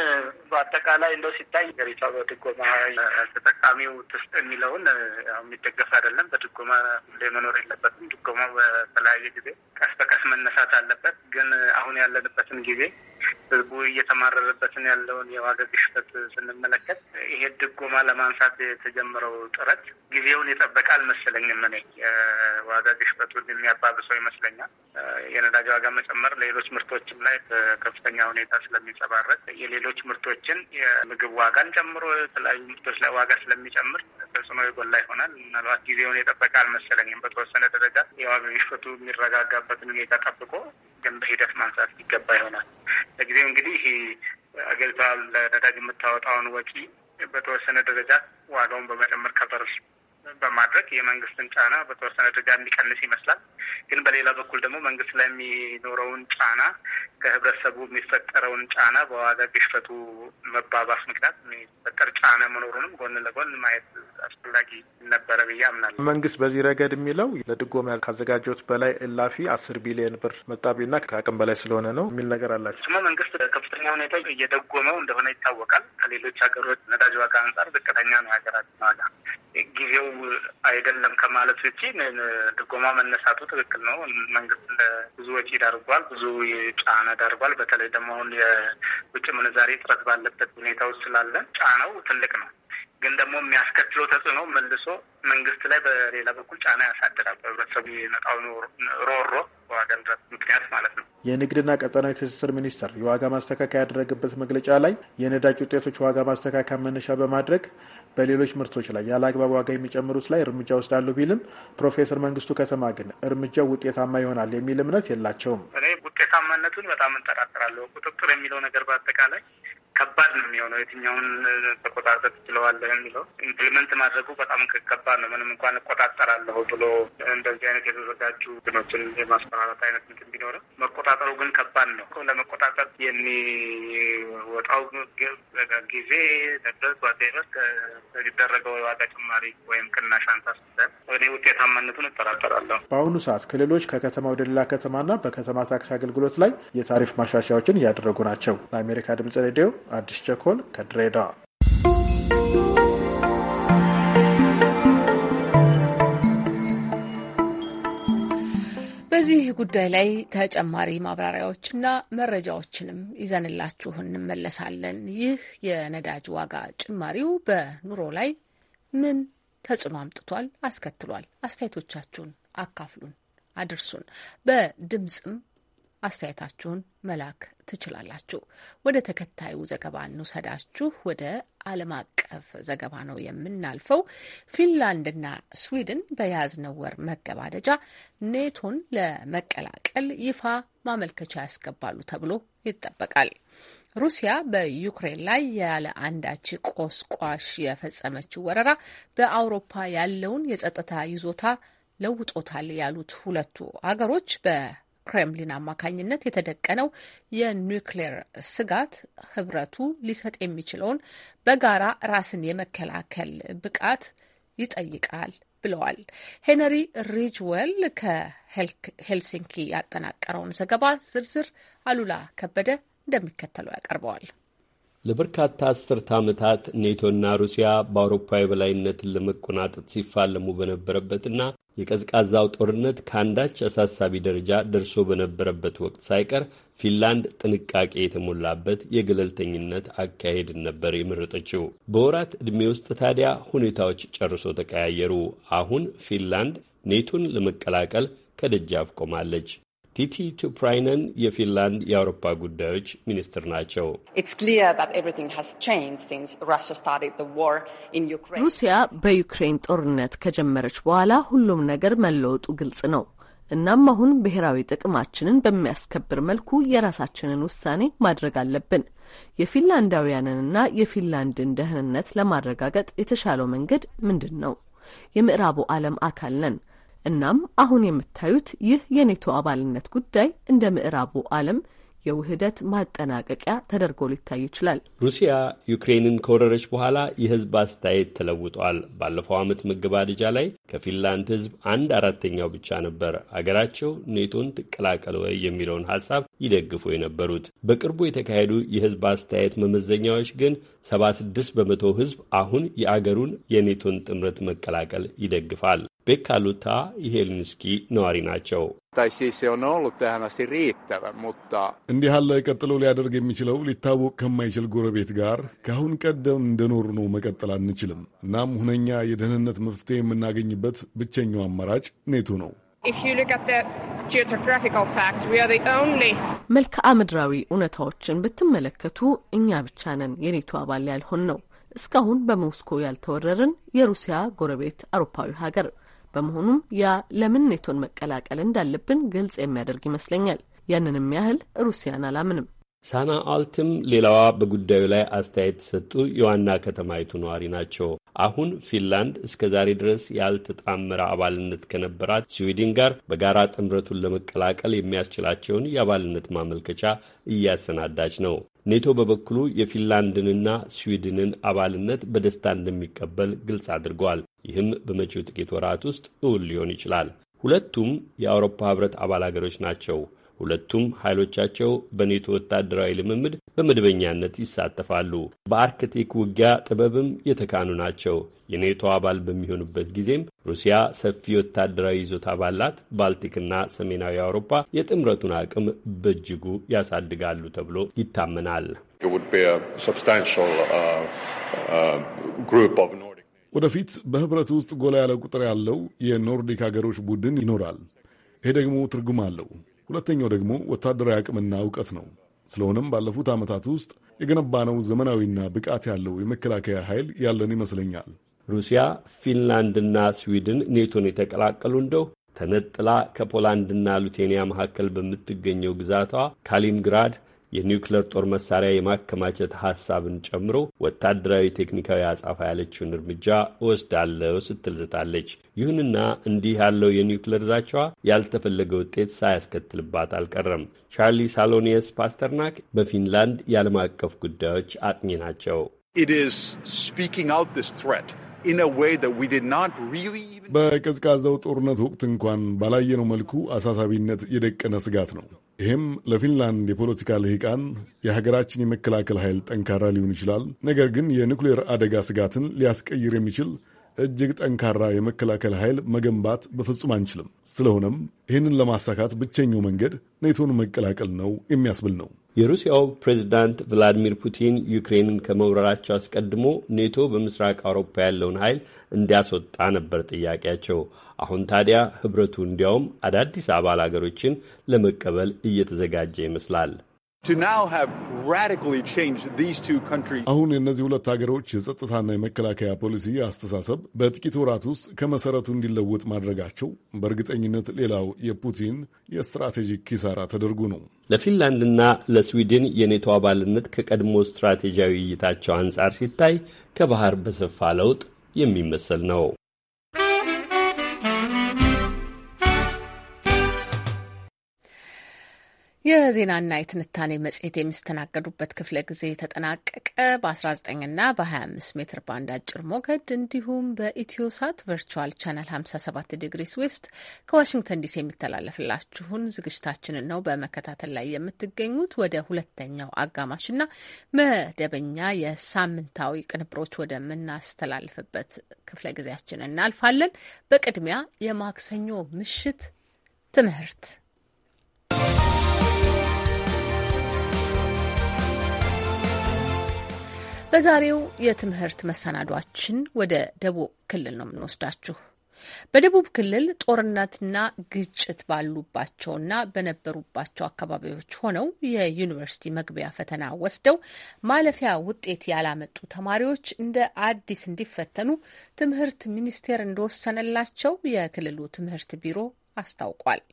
M: በአጠቃላይ እንደው ሲታይ ሀገሪቷ በድጎማ ተጠቃሚው ትስጥ የሚለውን የሚደገፍ አይደለም። በድጎማ መኖር የለበትም። ድጎማ በተለያየ ጊዜ ቀስ በቀስ መነሳት አለበት። ግን አሁን ያለንበትን ጊዜ ህዝቡ እየተማረረበትን ያለውን የዋጋ ግሽበት ስንመለከት ይሄ ድጎማ ለማንሳት የተጀመረው ጥረት ጊዜውን የጠበቀ አልመሰለኝም። እኔ የዋጋ ግሽበቱን የሚያባብሰው ይመስለኛል። የነዳጅ ዋጋ መጨመር ሌሎች ምርቶችም ላይ በከፍተኛ ሁኔታ ስለሚንጸባረቅ የሌሎች ምርቶችን የምግብ ዋጋን ጨምሮ የተለያዩ ምርቶች ላይ ዋጋ ስለሚጨምር ተጽዕኖ የጎላ ይሆናል። ምናልባት ጊዜውን የጠበቀ አልመሰለኝም። በተወሰነ ደረጃ የዋጋ ግሽበቱ የሚረጋጋበትን ሁኔታ ጠብቆ ግን በሂደት ማንሳት ይገባ ይሆናል። ለጊዜው እንግዲህ አገሪቷ ለነዳጅ የምታወጣውን ወጪ በተወሰነ ደረጃ ዋጋውን በመጨመር ከበር በማድረግ የመንግስትን ጫና በተወሰነ ደረጃ የሚቀንስ ይመስላል። ግን በሌላ በኩል ደግሞ መንግስት ላይ የሚኖረውን ጫና ከህብረተሰቡ የሚፈጠረውን ጫና በዋጋ ግሽበቱ መባባስ ምክንያት የሚፈጠር ጫና መኖሩንም ጎን ለጎን ማየት አስፈላጊ ነበረ ብዬ አምናለሁ።
G: መንግስት በዚህ ረገድ የሚለው ለድጎማ ካዘጋጀት በላይ እላፊ አስር ቢሊዮን ብር መጣቢና ከአቅም በላይ ስለሆነ ነው የሚል ነገር አላቸው።
M: ስሞ መንግስት ከፍተኛ ሁኔታ እየደጎመው እንደሆነ ይታወቃል። ከሌሎች ሀገሮች ነዳጅ ዋጋ አንጻር ዝቅተኛ ነው የሀገራችን ዋጋ ጊዜው አይደለም ከማለት ውጭ ድጎማ መነሳቱ ትክክል ነው። መንግስት ብዙ ወጪ ዳርጓል፣ ብዙ ጫና ዳርጓል። በተለይ ደግሞ አሁን የውጭ ምንዛሬ እጥረት ባለበት ሁኔታ ውስጥ ስላለን ጫናው ትልቅ ነው።
H: ግን ደግሞ የሚያስከትለው
M: ተጽዕኖ መልሶ መንግስት ላይ በሌላ በኩል ጫና ያሳድራል። በህብረተሰቡ የመጣውን ሮሮ ዋጋ
G: ንረት ምክንያት ማለት ነው። የንግድና ቀጠናዊ ትስስር ሚኒስቴር የዋጋ ማስተካከያ ያደረገበት መግለጫ ላይ የነዳጅ ውጤቶች ዋጋ ማስተካከያ መነሻ በማድረግ በሌሎች ምርቶች ላይ ያለ አግባብ ዋጋ የሚጨምሩት ላይ እርምጃ ወስዳለሁ ቢልም ፕሮፌሰር መንግስቱ ከተማ ግን እርምጃው ውጤታማ ይሆናል የሚል እምነት የላቸውም። እኔ ውጤታማነቱን
M: በጣም እንጠራጠራለሁ። ቁጥጥር የሚለው ነገር በአጠቃላይ ከባድ ነው የሚሆነው። የትኛውን ተቆጣጠር ትችለዋለህ የሚለው ኢምፕሊመንት ማድረጉ በጣም ከባድ ነው። ምንም እንኳን እቆጣጠራለሁ ብሎ እንደዚህ አይነት የተዘጋጁ ግኖችን የማስፈራራት አይነት እንትን ቢኖርም መቆጣጠሩ ግን ከባድ ነው። ለመቆጣጠር የሚወጣው ጊዜ ነበር ጓዜበር ከሚደረገው የዋጋ ጭማሪ ወይም ቅናሽ አንጻር እኔ ውጤታማነቱን
G: እጠራጠራለሁ። በአሁኑ ሰዓት ክልሎች ከከተማ ወደ ሌላ ከተማና በከተማ ታክሲ አገልግሎት ላይ የታሪፍ ማሻሻያዎችን እያደረጉ ናቸው። ለአሜሪካ ድምጽ ሬዲዮ አዲስ ቸኮል ከድሬዳዋ
A: በዚህ ጉዳይ ላይ ተጨማሪ ማብራሪያዎችና መረጃዎችንም ይዘንላችሁ እንመለሳለን። ይህ የነዳጅ ዋጋ ጭማሪው በኑሮ ላይ ምን ተጽዕኖ አምጥቷል አስከትሏል? አስተያየቶቻችሁን አካፍሉን፣ አድርሱን። በድምፅም አስተያየታችሁን መላክ ትችላላችሁ። ወደ ተከታዩ ዘገባ እንውሰዳችሁ። ወደ ዓለም አቀፍ ዘገባ ነው የምናልፈው። ፊንላንድና ስዊድን በያዝነው ወር መገባደጃ ኔቶን ለመቀላቀል ይፋ ማመልከቻ ያስገባሉ ተብሎ ይጠበቃል። ሩሲያ በዩክሬን ላይ ያለ አንዳች ቆስቋሽ የፈጸመችው ወረራ በአውሮፓ ያለውን የጸጥታ ይዞታ ለውጦታል ያሉት ሁለቱ አገሮች በ በክሬምሊን አማካኝነት የተደቀነው የኒውክሌር ስጋት ህብረቱ ሊሰጥ የሚችለውን በጋራ ራስን የመከላከል ብቃት ይጠይቃል ብለዋል። ሄነሪ ሪጅዌል ከሄልሲንኪ ያጠናቀረውን ዘገባ ዝርዝር አሉላ ከበደ እንደሚከተለው ያቀርበዋል።
L: ለበርካታ አስርተ ዓመታት ኔቶና ሩሲያ በአውሮፓ የበላይነትን ለመቆናጠጥ ሲፋለሙ በነበረበትና የቀዝቃዛው ጦርነት ከአንዳች አሳሳቢ ደረጃ ደርሶ በነበረበት ወቅት ሳይቀር ፊንላንድ ጥንቃቄ የተሞላበት የገለልተኝነት አካሄድን ነበር የመረጠችው። በወራት ዕድሜ ውስጥ ታዲያ ሁኔታዎች ጨርሶ ተቀያየሩ። አሁን ፊንላንድ ኔቶን ለመቀላቀል ከደጃፍ ቆማለች። ቲቲ ቱፕራይነን የፊንላንድ የአውሮፓ ጉዳዮች ሚኒስትር ናቸው።
A: ሩሲያ በዩክሬን ጦርነት ከጀመረች በኋላ ሁሉም ነገር መለወጡ ግልጽ ነው። እናም አሁን ብሔራዊ ጥቅማችንን በሚያስከብር መልኩ የራሳችንን ውሳኔ ማድረግ አለብን። የፊንላንዳውያንንና የፊንላንድን ደህንነት ለማረጋገጥ የተሻለው መንገድ ምንድን ነው? የምዕራቡ ዓለም አካል ነን። እናም አሁን የምታዩት ይህ የኔቶ አባልነት ጉዳይ እንደ ምዕራቡ ዓለም የውህደት ማጠናቀቂያ ተደርጎ ሊታይ ይችላል።
L: ሩሲያ ዩክሬንን ከወረረች በኋላ የህዝብ አስተያየት ተለውጧል። ባለፈው ዓመት መገባደጃ ላይ ከፊንላንድ ህዝብ አንድ አራተኛው ብቻ ነበር አገራቸው ኔቶን ትቀላቀል ወይ የሚለውን ሀሳብ ይደግፉ የነበሩት። በቅርቡ የተካሄዱ የህዝብ አስተያየት መመዘኛዎች ግን 76 በመቶ ህዝብ አሁን የአገሩን የኔቶን ጥምረት መቀላቀል ይደግፋል። ቤካሉታ ይሄልንስኪ ነዋሪ ናቸው።
Q: እንዲህ ያለ ቀጥሎ ሊያደርግ የሚችለው ሊታወቅ ከማይችል ጎረቤት ጋር ከአሁን ቀደም እንደኖር ነው መቀጠል አንችልም። እናም ሁነኛ የደህንነት መፍትሄ የምናገኝበት ብቸኛው አማራጭ ኔቶ ነው። መልክዓ ምድራዊ
A: እውነታዎችን ብትመለከቱ እኛ ብቻ ነን የኔቶ አባል ያልሆን ነው። እስካሁን በሞስኮ ያልተወረርን የሩሲያ ጎረቤት አውሮፓዊ ሀገር በመሆኑም ያ ለምን ኔቶን መቀላቀል እንዳለብን ግልጽ የሚያደርግ ይመስለኛል። ያንንም ያህል ሩሲያን አላምንም።
L: ሳና አልትም ሌላዋ በጉዳዩ ላይ አስተያየት ሰጡ የዋና ከተማይቱ ነዋሪ ናቸው። አሁን ፊንላንድ እስከ ዛሬ ድረስ ያልተጣመረ አባልነት ከነበራት ስዊድን ጋር በጋራ ጥምረቱን ለመቀላቀል የሚያስችላቸውን የአባልነት ማመልከቻ እያሰናዳች ነው። ኔቶ በበኩሉ የፊንላንድንና ስዊድንን አባልነት በደስታ እንደሚቀበል ግልጽ አድርጓል። ይህም በመጪው ጥቂት ወራት ውስጥ እውን ሊሆን ይችላል። ሁለቱም የአውሮፓ ህብረት አባል አገሮች ናቸው። ሁለቱም ኃይሎቻቸው በኔቶ ወታደራዊ ልምምድ በመደበኛነት ይሳተፋሉ። በአርክቲክ ውጊያ ጥበብም የተካኑ ናቸው። የኔቶ አባል በሚሆኑበት ጊዜም ሩሲያ ሰፊ ወታደራዊ ይዞታ ባላት ባልቲክና ሰሜናዊ አውሮፓ የጥምረቱን አቅም በእጅጉ ያሳድጋሉ ተብሎ ይታመናል። uh, uh,
Q: ወደፊት በህብረት ውስጥ ጎላ ያለ ቁጥር ያለው የኖርዲክ ሀገሮች ቡድን ይኖራል። ይሄ ደግሞ ትርጉም አለው። ሁለተኛው ደግሞ ወታደራዊ አቅምና እውቀት ነው። ስለሆነም ባለፉት ዓመታት ውስጥ የገነባነው ዘመናዊና ብቃት ያለው የመከላከያ ኃይል ያለን ይመስለኛል። ሩሲያ፣ ፊንላንድና ስዊድን ኔቶን የተቀላቀሉ እንደው
L: ተነጥላ ከፖላንድና ሉቴኒያ መካከል በምትገኘው ግዛቷ ካሊንግራድ የኒውክሌር ጦር መሳሪያ የማከማቸት ሐሳብን ጨምሮ ወታደራዊ ቴክኒካዊ አጻፋ ያለችውን እርምጃ እወስዳለሁ ስትል ዝታለች። ይሁንና እንዲህ ያለው የኒውክሌር ዛቻዋ ያልተፈለገ ውጤት ሳያስከትልባት አልቀረም። ቻርሊ ሳሎኒየስ ፓስተርናክ በፊንላንድ የዓለም አቀፍ ጉዳዮች አጥኚ ናቸው።
Q: It is speaking out this threat. በቀዝቃዛው ጦርነት ወቅት እንኳን ባላየነው መልኩ አሳሳቢነት የደቀነ ስጋት ነው። ይህም ለፊንላንድ የፖለቲካ ልሂቃን የሀገራችን የመከላከል ኃይል ጠንካራ ሊሆን ይችላል፣ ነገር ግን የኒኩሌር አደጋ ስጋትን ሊያስቀይር የሚችል እጅግ ጠንካራ የመከላከል ኃይል መገንባት በፍጹም አንችልም። ስለሆነም ይህንን ለማሳካት ብቸኛው መንገድ ኔቶን መቀላቀል ነው የሚያስብል ነው።
L: የሩሲያው ፕሬዚዳንት ቭላዲሚር ፑቲን ዩክሬንን ከመውረራቸው አስቀድሞ ኔቶ በምስራቅ አውሮፓ ያለውን ኃይል እንዲያስወጣ ነበር ጥያቄያቸው። አሁን ታዲያ ህብረቱ እንዲያውም አዳዲስ አባል አገሮችን ለመቀበል እየተዘጋጀ ይመስላል።
Q: አሁን የእነዚህ ሁለት ሀገሮች የጸጥታና የመከላከያ ፖሊሲ አስተሳሰብ በጥቂት ወራት ውስጥ ከመሰረቱ እንዲለወጥ ማድረጋቸው በእርግጠኝነት ሌላው የፑቲን የስትራቴጂክ ኪሳራ ተደርጎ ነው።
L: ለፊንላንድና ለስዊድን የኔቶ አባልነት ከቀድሞ ስትራቴጂያዊ እይታቸው አንጻር ሲታይ ከባህር በሰፋ ለውጥ የሚመስል ነው።
A: የዜናና የትንታኔ መጽሔት የሚስተናገዱበት ክፍለ ጊዜ ተጠናቀቀ። በ19ና በ25 ሜትር ባንድ አጭር ሞገድ እንዲሁም በኢትዮሳት ቨርቹዋል ቻናል 57 ዲግሪ ዌስት ከዋሽንግተን ዲሲ የሚተላለፍላችሁን ዝግጅታችንን ነው በመከታተል ላይ የምትገኙት። ወደ ሁለተኛው አጋማሽና መደበኛ የሳምንታዊ ቅንብሮች ወደምናስተላልፍበት ክፍለ ጊዜያችን እናልፋለን። በቅድሚያ የማክሰኞ ምሽት ትምህርት በዛሬው የትምህርት መሰናዷችን ወደ ደቡብ ክልል ነው የምንወስዳችሁ። በደቡብ ክልል ጦርነትና ግጭት ባሉባቸውና በነበሩባቸው አካባቢዎች ሆነው የዩኒቨርሲቲ መግቢያ ፈተና ወስደው ማለፊያ ውጤት ያላመጡ ተማሪዎች እንደ አዲስ እንዲፈተኑ ትምህርት ሚኒስቴር እንደወሰነላቸው የክልሉ ትምህርት ቢሮ አስታውቋል።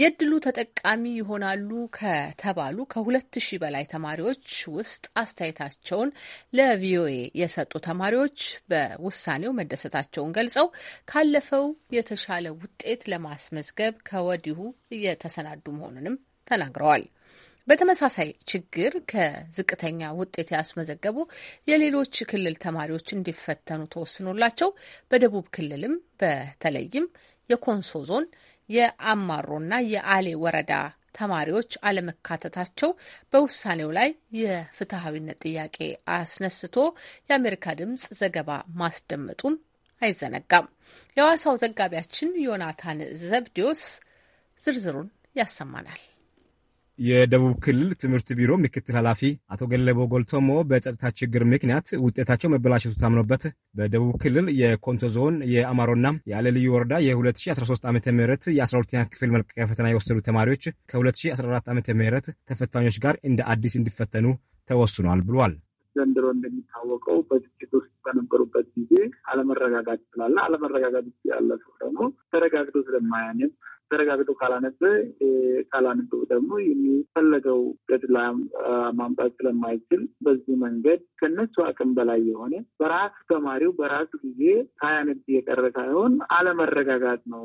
A: የእድሉ ተጠቃሚ ይሆናሉ ከተባሉ ከሁለት ሺህ በላይ ተማሪዎች ውስጥ አስተያየታቸውን ለቪኦኤ የሰጡ ተማሪዎች በውሳኔው መደሰታቸውን ገልጸው ካለፈው የተሻለ ውጤት ለማስመዝገብ ከወዲሁ እየተሰናዱ መሆኑንም ተናግረዋል። በተመሳሳይ ችግር ከዝቅተኛ ውጤት ያስመዘገቡ የሌሎች ክልል ተማሪዎች እንዲፈተኑ ተወስኖላቸው በደቡብ ክልልም በተለይም የኮንሶ ዞን የአማሮና የአሌ ወረዳ ተማሪዎች አለመካተታቸው በውሳኔው ላይ የፍትሐዊነት ጥያቄ አስነስቶ የአሜሪካ ድምጽ ዘገባ ማስደመጡም አይዘነጋም። የሐዋሳው ዘጋቢያችን ዮናታን ዘብዲዮስ ዝርዝሩን ያሰማናል።
R: የደቡብ ክልል ትምህርት ቢሮ ምክትል ኃላፊ አቶ ገለቦ ጎልቶሞ በጸጥታ ችግር ምክንያት ውጤታቸው መበላሸቱ ታምኖበት በደቡብ ክልል የኮንቶ ዞን የአማሮና የአለ ልዩ ወረዳ የ2013 ዓ ም የ12ኛ ክፍል መልቀቂያ ፈተና የወሰዱ ተማሪዎች ከ2014 ዓ ም ተፈታኞች ጋር እንደ አዲስ እንዲፈተኑ ተወስኗል ብሏል።
B: ዘንድሮ እንደሚታወቀው በግጭት ውስጥ በነበሩበት ጊዜ አለመረጋጋት ስላለ አለመረጋጋት ያለ ሰው ደግሞ ተረጋግቶ ስለማያንም ተረጋግጦ ካላነበ ካላነበቡ ደግሞ የሚፈለገው ገድላ ማምጣት ስለማይችል በዚህ መንገድ ከነሱ አቅም በላይ የሆነ በራስ ተማሪው በራሱ ጊዜ ሳያነብ የቀረ ሳይሆን አለመረጋጋት ነው።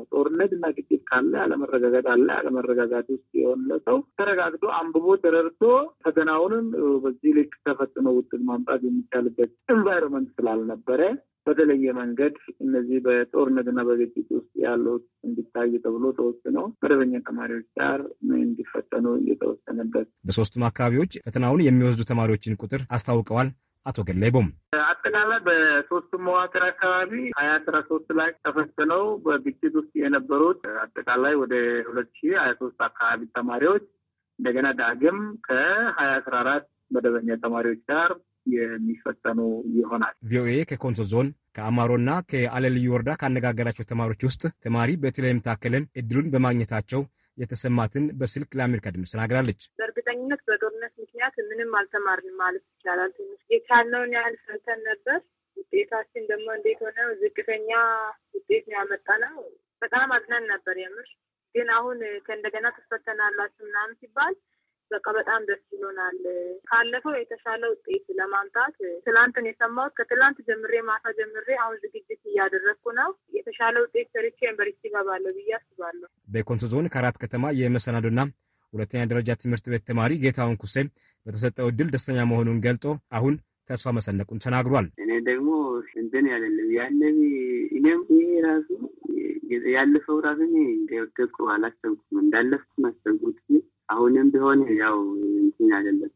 B: እና ግጭት ካለ አለመረጋጋት አለ። አለመረጋጋት ውስጥ የሆነ ሰው ተረጋግቶ አንብቦ ተረድቶ ፈተናውንም በዚህ ልክ ተፈጥኖ ውጤት ማምጣት የሚቻልበት ኢንቫይሮንመንት ስላልነበረ በተለየ መንገድ እነዚህ በጦርነትና በግጭት ውስጥ ያሉት እንዲታይ ተብሎ ተወስኖ መደበኛ ተማሪዎች ጋር እንዲፈተኑ የተወሰነበት
R: በሶስቱም አካባቢዎች ፈተናውን የሚወስዱ ተማሪዎችን ቁጥር አስታውቀዋል። አቶ ገላይቦም
B: አጠቃላይ በሶስቱም መዋቅር አካባቢ ሀያ አስራ ሶስት ላይ ተፈትነው በግጭት ውስጥ የነበሩት አጠቃላይ ወደ ሁለት ሺ ሀያ ሶስት አካባቢ ተማሪዎች እንደገና ዳግም ከሀያ አስራ አራት መደበኛ ተማሪዎች ጋር የሚፈተኑ ይሆናል።
R: ቪኦኤ ከኮንሶ ዞን ከአማሮና ከአለልዩ ወረዳ ካነጋገራቸው ተማሪዎች ውስጥ ተማሪ በተለይም ታከለን እድሉን በማግኘታቸው የተሰማትን በስልክ ለአሜሪካ ድምፅ ተናግራለች።
K: በእርግጠኝነት በጦርነት
J: ምክንያት ምንም አልተማርንም ማለት ይቻላል። ትንሽ የቻልነውን ያህል ፈልተን ነበር። ውጤታችን ደግሞ እንዴት ሆነ? ዝቅተኛ ውጤት ነው ነው።
D: በጣም አዝነን ነበር የምር።
A: ግን አሁን ከእንደገና ትፈተናላችሁ ምናምን ሲባል በቃ በጣም ደስ ይሆናል። ካለፈው የተሻለ ውጤት ለማምጣት ትላንትን የሰማሁት ከትላንት ጀምሬ
J: ማታ ጀምሬ አሁን ዝግጅት እያደረግኩ ነው። የተሻለ ውጤት ሰርቼ ዩኒቨርሲቲ እገባለሁ ብዬ አስባለሁ።
R: በኮንሶ ዞን ከአራት ከተማ የመሰናዶና ሁለተኛ ደረጃ ትምህርት ቤት ተማሪ ጌታውን ኩሴ በተሰጠው እድል ደስተኛ መሆኑን ገልጦ አሁን ተስፋ መሰነቁን ተናግሯል።
B: እኔ ደግሞ እንትን ያለለም ያለ እኔም ይሄ ራሱ ያለፈው ራሱ እንደወደቁ አላሰብኩም እንዳለፍኩም አሰብኩት አሁንም ቢሆን ያው እንትን አይደለም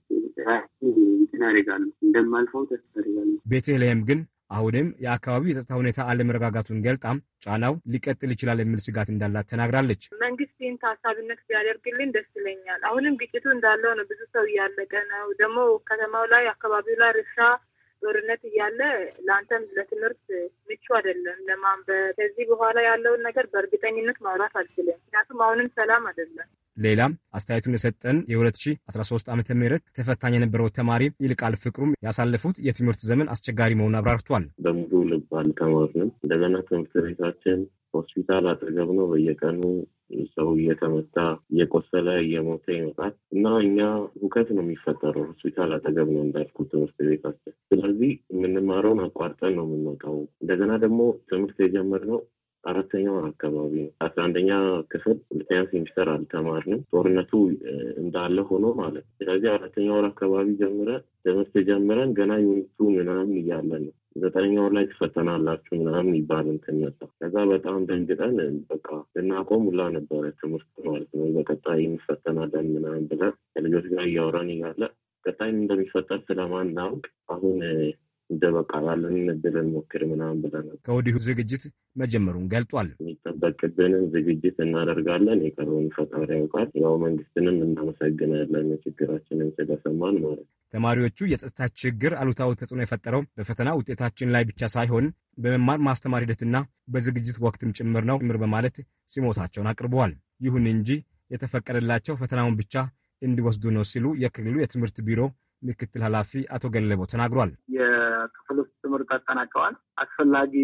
K: እንትን ያደርጋሉ እንደማልፈው ተስፋ ያደርጋሉ።
R: ቤተልሔም ግን አሁንም የአካባቢው የጸጥታ ሁኔታ አለመረጋጋቱን ገልጣም ጫናው ሊቀጥል ይችላል የሚል ስጋት እንዳላት ተናግራለች።
J: መንግስት ይህን ታሳቢነት ቢያደርግልን ደስ ይለኛል። አሁንም ግጭቱ እንዳለው ነው። ብዙ ሰው እያለቀ ነው። ደግሞ ከተማው ላይ አካባቢው ላይ ርሻ ጦርነት እያለ ለአንተም ለትምህርት ምቹ አይደለም ለማንበብ። ከዚህ በኋላ ያለውን ነገር በእርግጠኝነት ማውራት አልችልም፣ ምክንያቱም አሁንም ሰላም አይደለም።
R: ሌላም አስተያየቱን የሰጠን የ2013 ዓ ም ተፈታኝ የነበረው ተማሪ ይልቃል ፍቅሩም ያሳለፉት የትምህርት ዘመን አስቸጋሪ መሆኑን አብራርቷል።
K: በሙሉ ልብ አልተማርንም። እንደገና ትምህርት ቤታችን ሆስፒታል አጠገብ ነው። በየቀኑ ሰው እየተመታ እየቆሰለ እየሞተ ይመጣል እና እኛ ሁከት ነው የሚፈጠረው። ሆስፒታል አጠገብ ነው እንዳልኩ ትምህርት ቤት ስለዚህ የምንማረውን አቋርጠን ነው የምንወጣው። እንደገና ደግሞ ትምህርት የጀመርነው አራተኛው አካባቢ ነው። አስራ አንደኛ ክፍል ሁለተኛ ሴሚስተር አልተማርንም። ጦርነቱ እንዳለ ሆኖ ማለት ነው። ስለዚህ አራተኛ ወር አካባቢ ጀምረ ደመስ ጀምረን ገና ዩኒቱ ምናምን እያለ ነው ዘጠነኛ ወር ላይ ትፈተናላችሁ ምናምን ይባል እንትን መጣ። ከዛ በጣም ደንግጠን በቃ ልናቆም ሁላ ነበረ ትምህርት ማለት ነው። በቀጣይ እንፈተናለን ምናምን ብለን ከልጆች ጋር እያወራን እያለ ቀጣይ እንደሚፈጠር ስለማናውቅ አሁን እንደ በቃ ያለንን እድል እንሞክር ምናምን ብለን
R: ከወዲሁ ዝግጅት መጀመሩን ገልጧል።
K: የሚጠበቅብንን ዝግጅት እናደርጋለን። የቀረውን ፈጣሪ ያውቃል። ያው መንግስትንም እናመሰግናለን ችግራችንን ስለሰማን ማለት ነው።
R: ተማሪዎቹ የጸጥታ ችግር አሉታዊ ተጽዕኖ የፈጠረው በፈተና ውጤታችን ላይ ብቻ ሳይሆን በመማር ማስተማር ሂደትና በዝግጅት ወቅትም ጭምር ነው ምር በማለት ሲሞታቸውን አቅርበዋል። ይሁን እንጂ የተፈቀደላቸው ፈተናውን ብቻ እንዲወስዱ ነው ሲሉ የክልሉ የትምህርት ቢሮ ምክትል ኃላፊ አቶ ገለቦ ተናግሯል።
B: የክፍል ውስጥ ትምህርት አጠናቀዋል። አስፈላጊ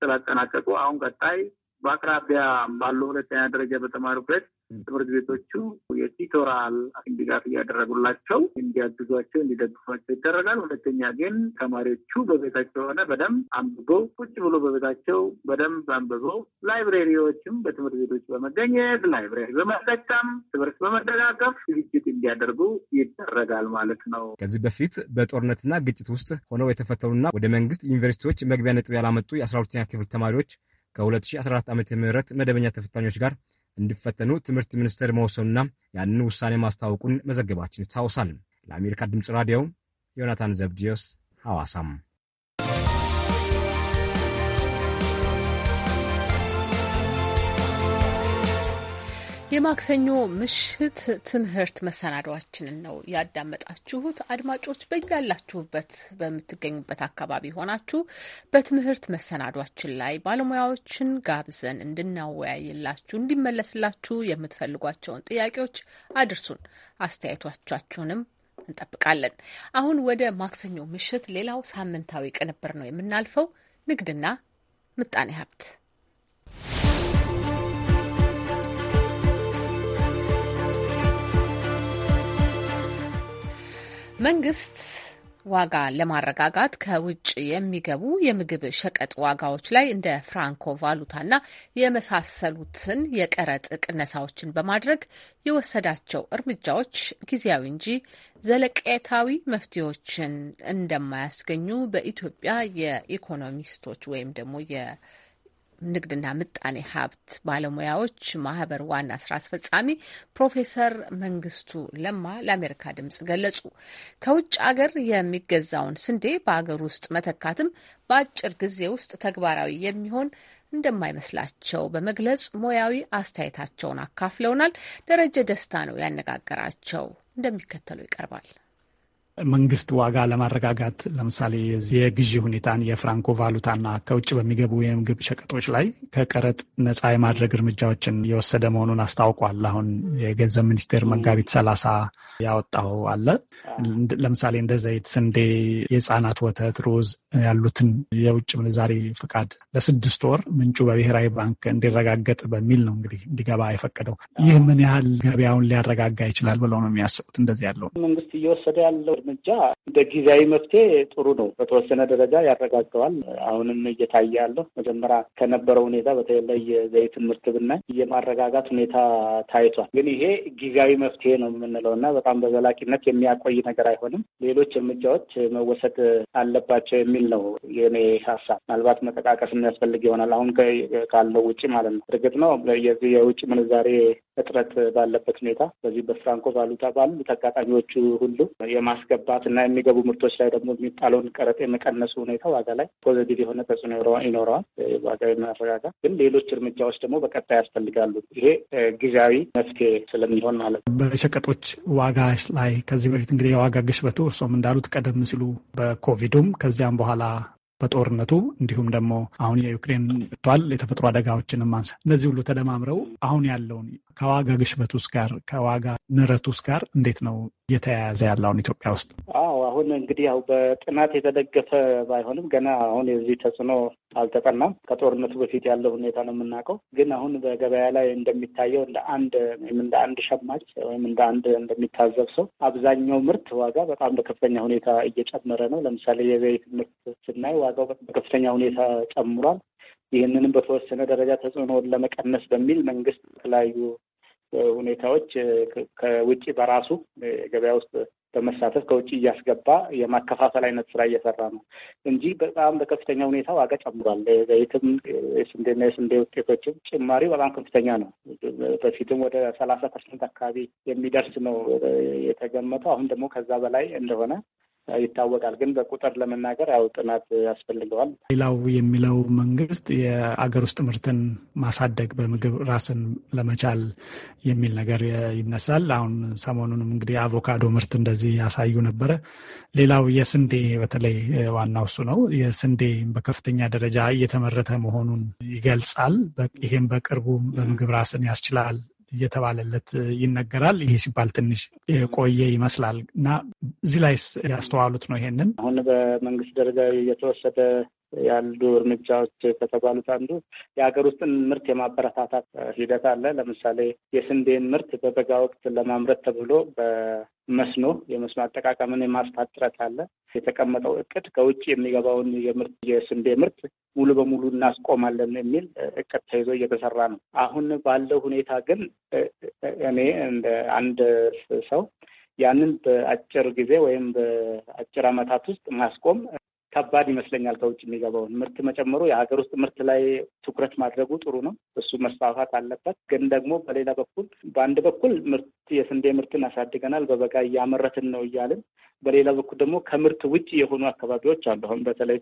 B: ስላጠናቀቁ አሁን ቀጣይ በአቅራቢያ ባሉ ሁለተኛ ደረጃ በተማሩበት ትምህርት ቤቶቹ የቲቶራል ድጋፍ እያደረጉላቸው እንዲያግዟቸው እንዲደግፏቸው ይደረጋል። ሁለተኛ ግን ተማሪዎቹ በቤታቸው ሆነ በደንብ አንብበው ቁጭ ብሎ በቤታቸው በደንብ አንብበው ላይብሬሪዎችም በትምህርት ቤቶች በመገኘት ላይብሬሪ በመጠቀም ትምህርት በመደጋገፍ ዝግጅት እንዲያደርጉ ይደረጋል ማለት ነው።
R: ከዚህ በፊት በጦርነትና ግጭት ውስጥ ሆነው የተፈተኑና ወደ መንግስት ዩኒቨርሲቲዎች መግቢያ ነጥብ ያላመጡ የ12ኛ ክፍል ተማሪዎች ከ2014 ዓ ም መደበኛ ተፈታኞች ጋር እንዲፈተኑ ትምህርት ሚኒስቴር መወሰኑና ያንን ውሳኔ ማስታወቁን መዘገባችን ይታወሳል። ለአሜሪካ ድምፅ ራዲዮ ዮናታን ዘብዲዮስ ሐዋሳም
A: የማክሰኞ ምሽት ትምህርት መሰናዷችንን ነው ያዳመጣችሁት። አድማጮች በያላችሁበት በምትገኙበት አካባቢ ሆናችሁ በትምህርት መሰናዷችን ላይ ባለሙያዎችን ጋብዘን እንድናወያይላችሁ እንዲመለስላችሁ የምትፈልጓቸውን ጥያቄዎች አድርሱን። አስተያየቶቻችሁንም እንጠብቃለን። አሁን ወደ ማክሰኞ ምሽት ሌላው ሳምንታዊ ቅንብር ነው የምናልፈው፣ ንግድና ምጣኔ ሀብት መንግስት ዋጋ ለማረጋጋት ከውጭ የሚገቡ የምግብ ሸቀጥ ዋጋዎች ላይ እንደ ፍራንኮ ቫሉታና የመሳሰሉትን የቀረጥ ቅነሳዎችን በማድረግ የወሰዳቸው እርምጃዎች ጊዜያዊ እንጂ ዘለቄታዊ መፍትሄዎችን እንደማያስገኙ በኢትዮጵያ የኢኮኖሚስቶች ወይም ደግሞ ንግድና ምጣኔ ሀብት ባለሙያዎች ማህበር ዋና ስራ አስፈጻሚ ፕሮፌሰር መንግስቱ ለማ ለአሜሪካ ድምጽ ገለጹ። ከውጭ አገር የሚገዛውን ስንዴ በአገር ውስጥ መተካትም በአጭር ጊዜ ውስጥ ተግባራዊ የሚሆን እንደማይመስላቸው በመግለጽ ሙያዊ አስተያየታቸውን አካፍለውናል። ደረጀ ደስታ ነው ያነጋገራቸው፣ እንደሚከተለው ይቀርባል።
E: መንግስት ዋጋ ለማረጋጋት ለምሳሌ የግዢ ሁኔታን የፍራንኮ ቫሉታና ከውጭ በሚገቡ የምግብ ሸቀጦች ላይ ከቀረጥ ነፃ የማድረግ እርምጃዎችን የወሰደ መሆኑን አስታውቋል። አሁን የገንዘብ ሚኒስቴር መጋቢት ሰላሳ ያወጣው አለ። ለምሳሌ እንደ ዘይት፣ ስንዴ፣ የህፃናት ወተት፣ ሩዝ ያሉትን የውጭ ምንዛሬ ፍቃድ ለስድስት ወር ምንጩ በብሔራዊ ባንክ እንዲረጋገጥ በሚል ነው እንግዲህ እንዲገባ የፈቀደው። ይህ ምን ያህል ገበያውን ሊያረጋጋ ይችላል ብለው ነው የሚያስቡት? እንደዚህ ያለው
J: መንግስት እየወሰደ ያለው እርምጃ እንደ ጊዜያዊ መፍትሄ ጥሩ ነው። በተወሰነ ደረጃ ያረጋገዋል። አሁንም እየታየ ያለው መጀመሪያ ከነበረው ሁኔታ በተለይ ዘይት ምርት ብናይ የማረጋጋት ሁኔታ ታይቷል። ግን ይሄ ጊዜያዊ መፍትሄ ነው የምንለው እና በጣም በዘላቂነት የሚያቆይ ነገር አይሆንም። ሌሎች እርምጃዎች መወሰድ አለባቸው የሚል ነው የኔ ሀሳብ። ምናልባት መጠቃቀስ የሚያስፈልግ ይሆናል አሁን ካለው ውጭ ማለት ነው። እርግጥ ነው የዚህ የውጭ ምንዛሬ እጥረት ባለበት ሁኔታ በዚህ በፍራንኮ ቫሉታ ባሉት አጋጣሚዎቹ ሁሉ የማስገባት እና የሚገቡ ምርቶች ላይ ደግሞ የሚጣለውን ቀረጥ የመቀነሱ ሁኔታ ዋጋ ላይ ፖዘቲቭ የሆነ ተጽዕኖ ይኖረዋል። ዋጋ የማረጋጋት ግን ሌሎች እርምጃዎች ደግሞ በቀጣይ ያስፈልጋሉ። ይሄ ጊዜያዊ መፍትሄ ስለሚሆን ማለት
E: ነው። በሸቀጦች ዋጋ ላይ ከዚህ በፊት እንግዲህ የዋጋ ግሽበቱ እርሶም እንዳሉት ቀደም ሲሉ በኮቪዱም ከዚያም በኋላ በጦርነቱ እንዲሁም ደግሞ አሁን የዩክሬን ቷል የተፈጥሮ አደጋዎችን ማንሳ እነዚህ ሁሉ ተደማምረው አሁን ያለውን ከዋጋ ግሽበት ውስጥ ጋር ከዋጋ ንረት ውስጥ ጋር እንዴት ነው እየተያያዘ ያለውን ኢትዮጵያ ውስጥ?
J: አዎ አሁን እንግዲህ ያው በጥናት የተደገፈ ባይሆንም ገና አሁን የዚህ ተጽዕኖ አልተጠናም። ከጦርነቱ በፊት ያለው ሁኔታ ነው የምናውቀው። ግን አሁን በገበያ ላይ እንደሚታየው እንደ አንድ ወይም እንደ አንድ ሸማች ወይም እንደ አንድ እንደሚታዘብ ሰው አብዛኛው ምርት ዋጋ በጣም በከፍተኛ ሁኔታ እየጨመረ ነው። ለምሳሌ የቤት ምርት ስናይ ዋጋው በከፍተኛ ሁኔታ ጨምሯል። ይህንንም በተወሰነ ደረጃ ተጽዕኖውን ለመቀነስ በሚል መንግስት የተለያዩ ሁኔታዎች ከውጭ በራሱ ገበያ ውስጥ በመሳተፍ ከውጭ እያስገባ የማከፋፈል አይነት ስራ እየሰራ ነው እንጂ በጣም በከፍተኛ ሁኔታ ዋጋ ጨምሯል። ዘይትም የስንዴና የስንዴ ውጤቶችም ጭማሪ በጣም ከፍተኛ ነው። በፊትም ወደ ሰላሳ ፐርሰንት አካባቢ የሚደርስ ነው የተገመተው። አሁን ደግሞ ከዛ በላይ እንደሆነ ይታወቃል። ግን በቁጥር ለመናገር ያው ጥናት ያስፈልገዋል።
E: ሌላው የሚለው መንግስት የአገር ውስጥ ምርትን ማሳደግ በምግብ ራስን ለመቻል የሚል ነገር ይነሳል። አሁን ሰሞኑንም እንግዲህ የአቮካዶ ምርት እንደዚህ ያሳዩ ነበረ። ሌላው የስንዴ በተለይ ዋናው እሱ ነው። የስንዴ በከፍተኛ ደረጃ እየተመረተ መሆኑን ይገልጻል። ይሄም በቅርቡ በምግብ ራስን ያስችላል እየተባለለት ይነገራል። ይህ ሲባል ትንሽ የቆየ ይመስላል እና እዚህ ላይ ያስተዋሉት ነው። ይሄንን
J: አሁን በመንግስት ደረጃ የተወሰደ ያሉ እርምጃዎች ከተባሉት አንዱ የሀገር ውስጥን ምርት የማበረታታት ሂደት አለ። ለምሳሌ የስንዴን ምርት በበጋ ወቅት ለማምረት ተብሎ በመስኖ የመስኖ አጠቃቀምን የማስፋት ጥረት አለ። የተቀመጠው እቅድ ከውጭ የሚገባውን የምርት የስንዴ ምርት ሙሉ በሙሉ እናስቆማለን የሚል እቅድ ተይዞ እየተሰራ ነው። አሁን ባለው ሁኔታ ግን እኔ እንደ አንድ ሰው ያንን በአጭር ጊዜ ወይም በአጭር ዓመታት ውስጥ ማስቆም ከባድ ይመስለኛል። ከውጭ የሚገባውን ምርት መጨመሩ የሀገር ውስጥ ምርት ላይ ትኩረት ማድረጉ ጥሩ ነው። እሱ መስፋፋት አለበት። ግን ደግሞ በሌላ በኩል በአንድ በኩል ምርት የስንዴ ምርትን አሳድገናል፣ በበጋ እያመረትን ነው እያልን፣ በሌላ በኩል ደግሞ ከምርት ውጭ የሆኑ አካባቢዎች አሉ። አሁን በተለይ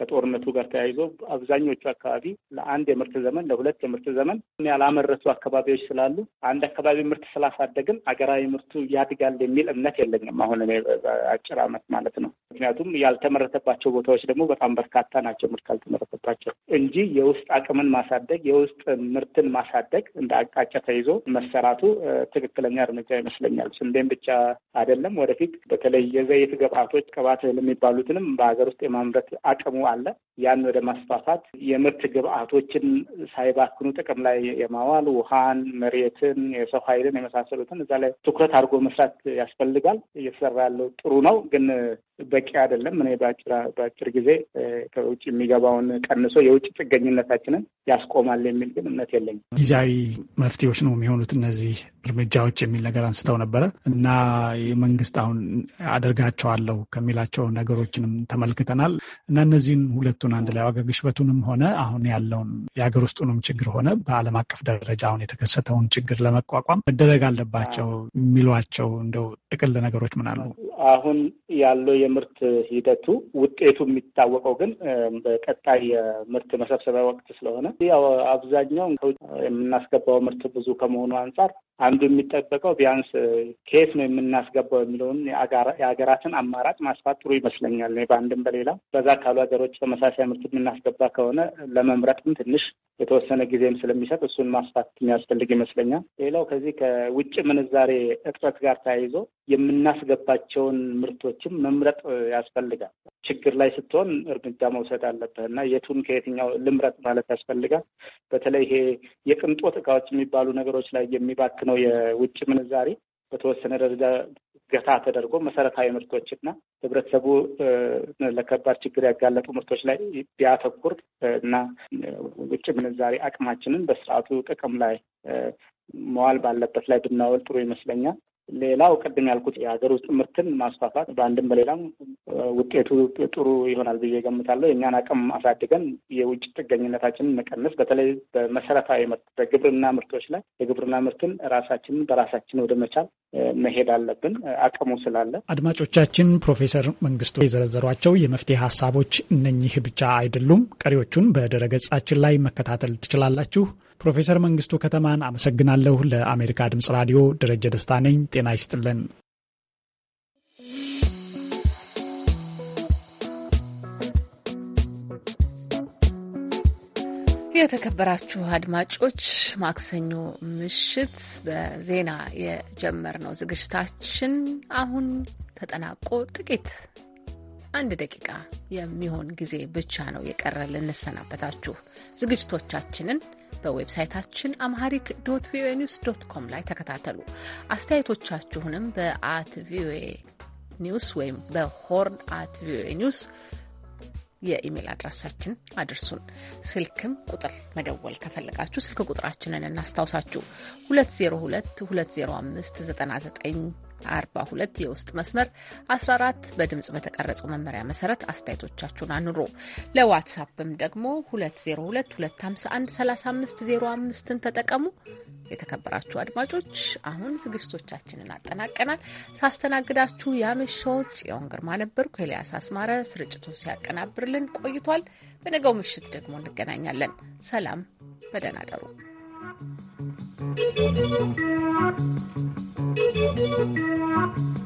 J: ከጦርነቱ ጋር ተያይዞ አብዛኞቹ አካባቢ ለአንድ የምርት ዘመን ለሁለት የምርት ዘመን ያላመረቱ አካባቢዎች ስላሉ አንድ አካባቢ ምርት ስላሳደግን አገራዊ ምርቱ ያድጋል የሚል እምነት የለኝም። አሁን እኔ አጭር ዓመት ማለት ነው ምክንያቱም ያልተመረተባቸው ቦታዎች ደግሞ በጣም በርካታ ናቸው፣ ምርት ያልተመረተባቸው እንጂ የውስጥ አቅምን ማሳደግ የውስጥ ምርትን ማሳደግ እንደ አቅጣጫ ተይዞ መሰራቱ ትክክለኛ እርምጃ ይመስለኛል። ስንዴም ብቻ አይደለም። ወደፊት በተለይ የዘይት ግብአቶች ቅባት የሚባሉትንም በሀገር ውስጥ የማምረት አቅሙ አለ። ያን ወደ ማስፋፋት የምርት ግብአቶችን ሳይባክኑ ጥቅም ላይ የማዋል ውሃን፣ መሬትን፣ የሰው ኃይልን የመሳሰሉትን እዛ ላይ ትኩረት አድርጎ መስራት ያስፈልጋል። እየተሰራ ያለው ጥሩ ነው ግን በቂ በቂ አይደለም። እኔ በአጭር ጊዜ ከውጭ የሚገባውን ቀንሶ የውጭ ጥገኝነታችንን ያስቆማል የሚል ግን እምነት የለኝም።
E: ጊዜያዊ መፍትሄዎች ነው የሚሆኑት እነዚህ እርምጃዎች የሚል ነገር አንስተው ነበረ እና የመንግስት አሁን አደርጋቸዋለሁ ከሚላቸው ነገሮችንም ተመልክተናል እና እነዚህን ሁለቱን አንድ ላይ ዋጋ ግሽበቱንም ሆነ አሁን ያለውን የሀገር ውስጡንም ችግር ሆነ በዓለም አቀፍ ደረጃ አሁን የተከሰተውን ችግር ለመቋቋም መደረግ አለባቸው የሚሏቸው እንደው ጥቅል ነገሮች ምን አሉ?
J: አሁን ያለው የምርት ሂደቱ ውጤቱ የሚታወቀው ግን በቀጣይ የምርት መሰብሰቢያ ወቅት ስለሆነ አብዛኛው የምናስገባው ምርት ብዙ ከመሆኑ አንጻር አንዱ የሚጠበቀው ቢያንስ ከየት ነው የምናስገባው የሚለውን የሀገራትን አማራጭ ማስፋት ጥሩ ይመስለኛል። በአንድም በሌላ በዛ ካሉ ሀገሮች ተመሳሳይ ምርት የምናስገባ ከሆነ ለመምረጥም ትንሽ የተወሰነ ጊዜም ስለሚሰጥ እሱን ማስፋት የሚያስፈልግ ይመስለኛል። ሌላው ከዚህ ከውጭ ምንዛሬ እጥረት ጋር ተያይዞ የምናስገባቸውን ምርቶችም መምረጥ ያስፈልጋል። ችግር ላይ ስትሆን እርምጃ መውሰድ አለብህ እና የቱን ከየትኛው ልምረጥ ማለት ያስፈልጋል። በተለይ ይሄ የቅንጦት እቃዎች የሚባሉ ነገሮች ላይ የሚባክነው የውጭ ምንዛሪ በተወሰነ ደረጃ ገታ ተደርጎ መሰረታዊ ምርቶች እና ህብረተሰቡ ለከባድ ችግር ያጋለጡ ምርቶች ላይ ቢያተኩር እና ውጭ ምንዛሬ አቅማችንን በስርዓቱ ጥቅም ላይ መዋል ባለበት ላይ ብናወል ጥሩ ይመስለኛል። ሌላው ቅድም ያልኩት የሀገር ውስጥ ምርትን ማስፋፋት በአንድም በሌላም ውጤቱ ጥሩ ይሆናል ብዬ ገምታለሁ። የእኛን አቅም አሳድገን የውጭ ጥገኝነታችንን መቀነስ፣ በተለይ በመሰረታዊ ምርት በግብርና ምርቶች ላይ የግብርና ምርትን ራሳችንን በራሳችን ወደ መቻል መሄድ አለብን፣ አቅሙ ስላለ።
E: አድማጮቻችን፣ ፕሮፌሰር መንግስቱ የዘረዘሯቸው የመፍትሄ ሀሳቦች እነኚህ ብቻ አይደሉም። ቀሪዎቹን በድረገጻችን ላይ መከታተል ትችላላችሁ። ፕሮፌሰር መንግስቱ ከተማን አመሰግናለሁ። ለአሜሪካ ድምጽ ራዲዮ ደረጀ ደስታ ነኝ። ጤና ይስጥልን።
A: የተከበራችሁ አድማጮች ማክሰኞ ምሽት በዜና የጀመርነው ዝግጅታችን አሁን ተጠናቆ ጥቂት አንድ ደቂቃ የሚሆን ጊዜ ብቻ ነው የቀረ። ልንሰናበታችሁ ዝግጅቶቻችንን በዌብሳይታችን አምሃሪክ ዶት ቪኦኤ ኒውስ ዶት ኮም ላይ ተከታተሉ። አስተያየቶቻችሁንም በአት ቪኦኤ ኒውስ ወይም በሆርን አት ቪኦኤ ኒውስ የኢሜል አድራሻችን አድርሱን። ስልክም ቁጥር መደወል ከፈለጋችሁ ስልክ ቁጥራችንን እናስታውሳችሁ 202 205 99 42 የውስጥ መስመር 14 በድምጽ በተቀረጸው መመሪያ መሰረት አስተያየቶቻችሁን አኑሮ ለዋትሳፕም ደግሞ 2022513505ን ተጠቀሙ። የተከበራችሁ አድማጮች አሁን ዝግጅቶቻችንን አጠናቀናል። ሳስተናግዳችሁ ያመሸው ጽዮን ግርማ ነበርኩ። ኤልያስ አስማረ ስርጭቱን ሲያቀናብርልን ቆይቷል። በነገው ምሽት ደግሞ እንገናኛለን። ሰላም፣ በደህና ደሩ።
H: Haa?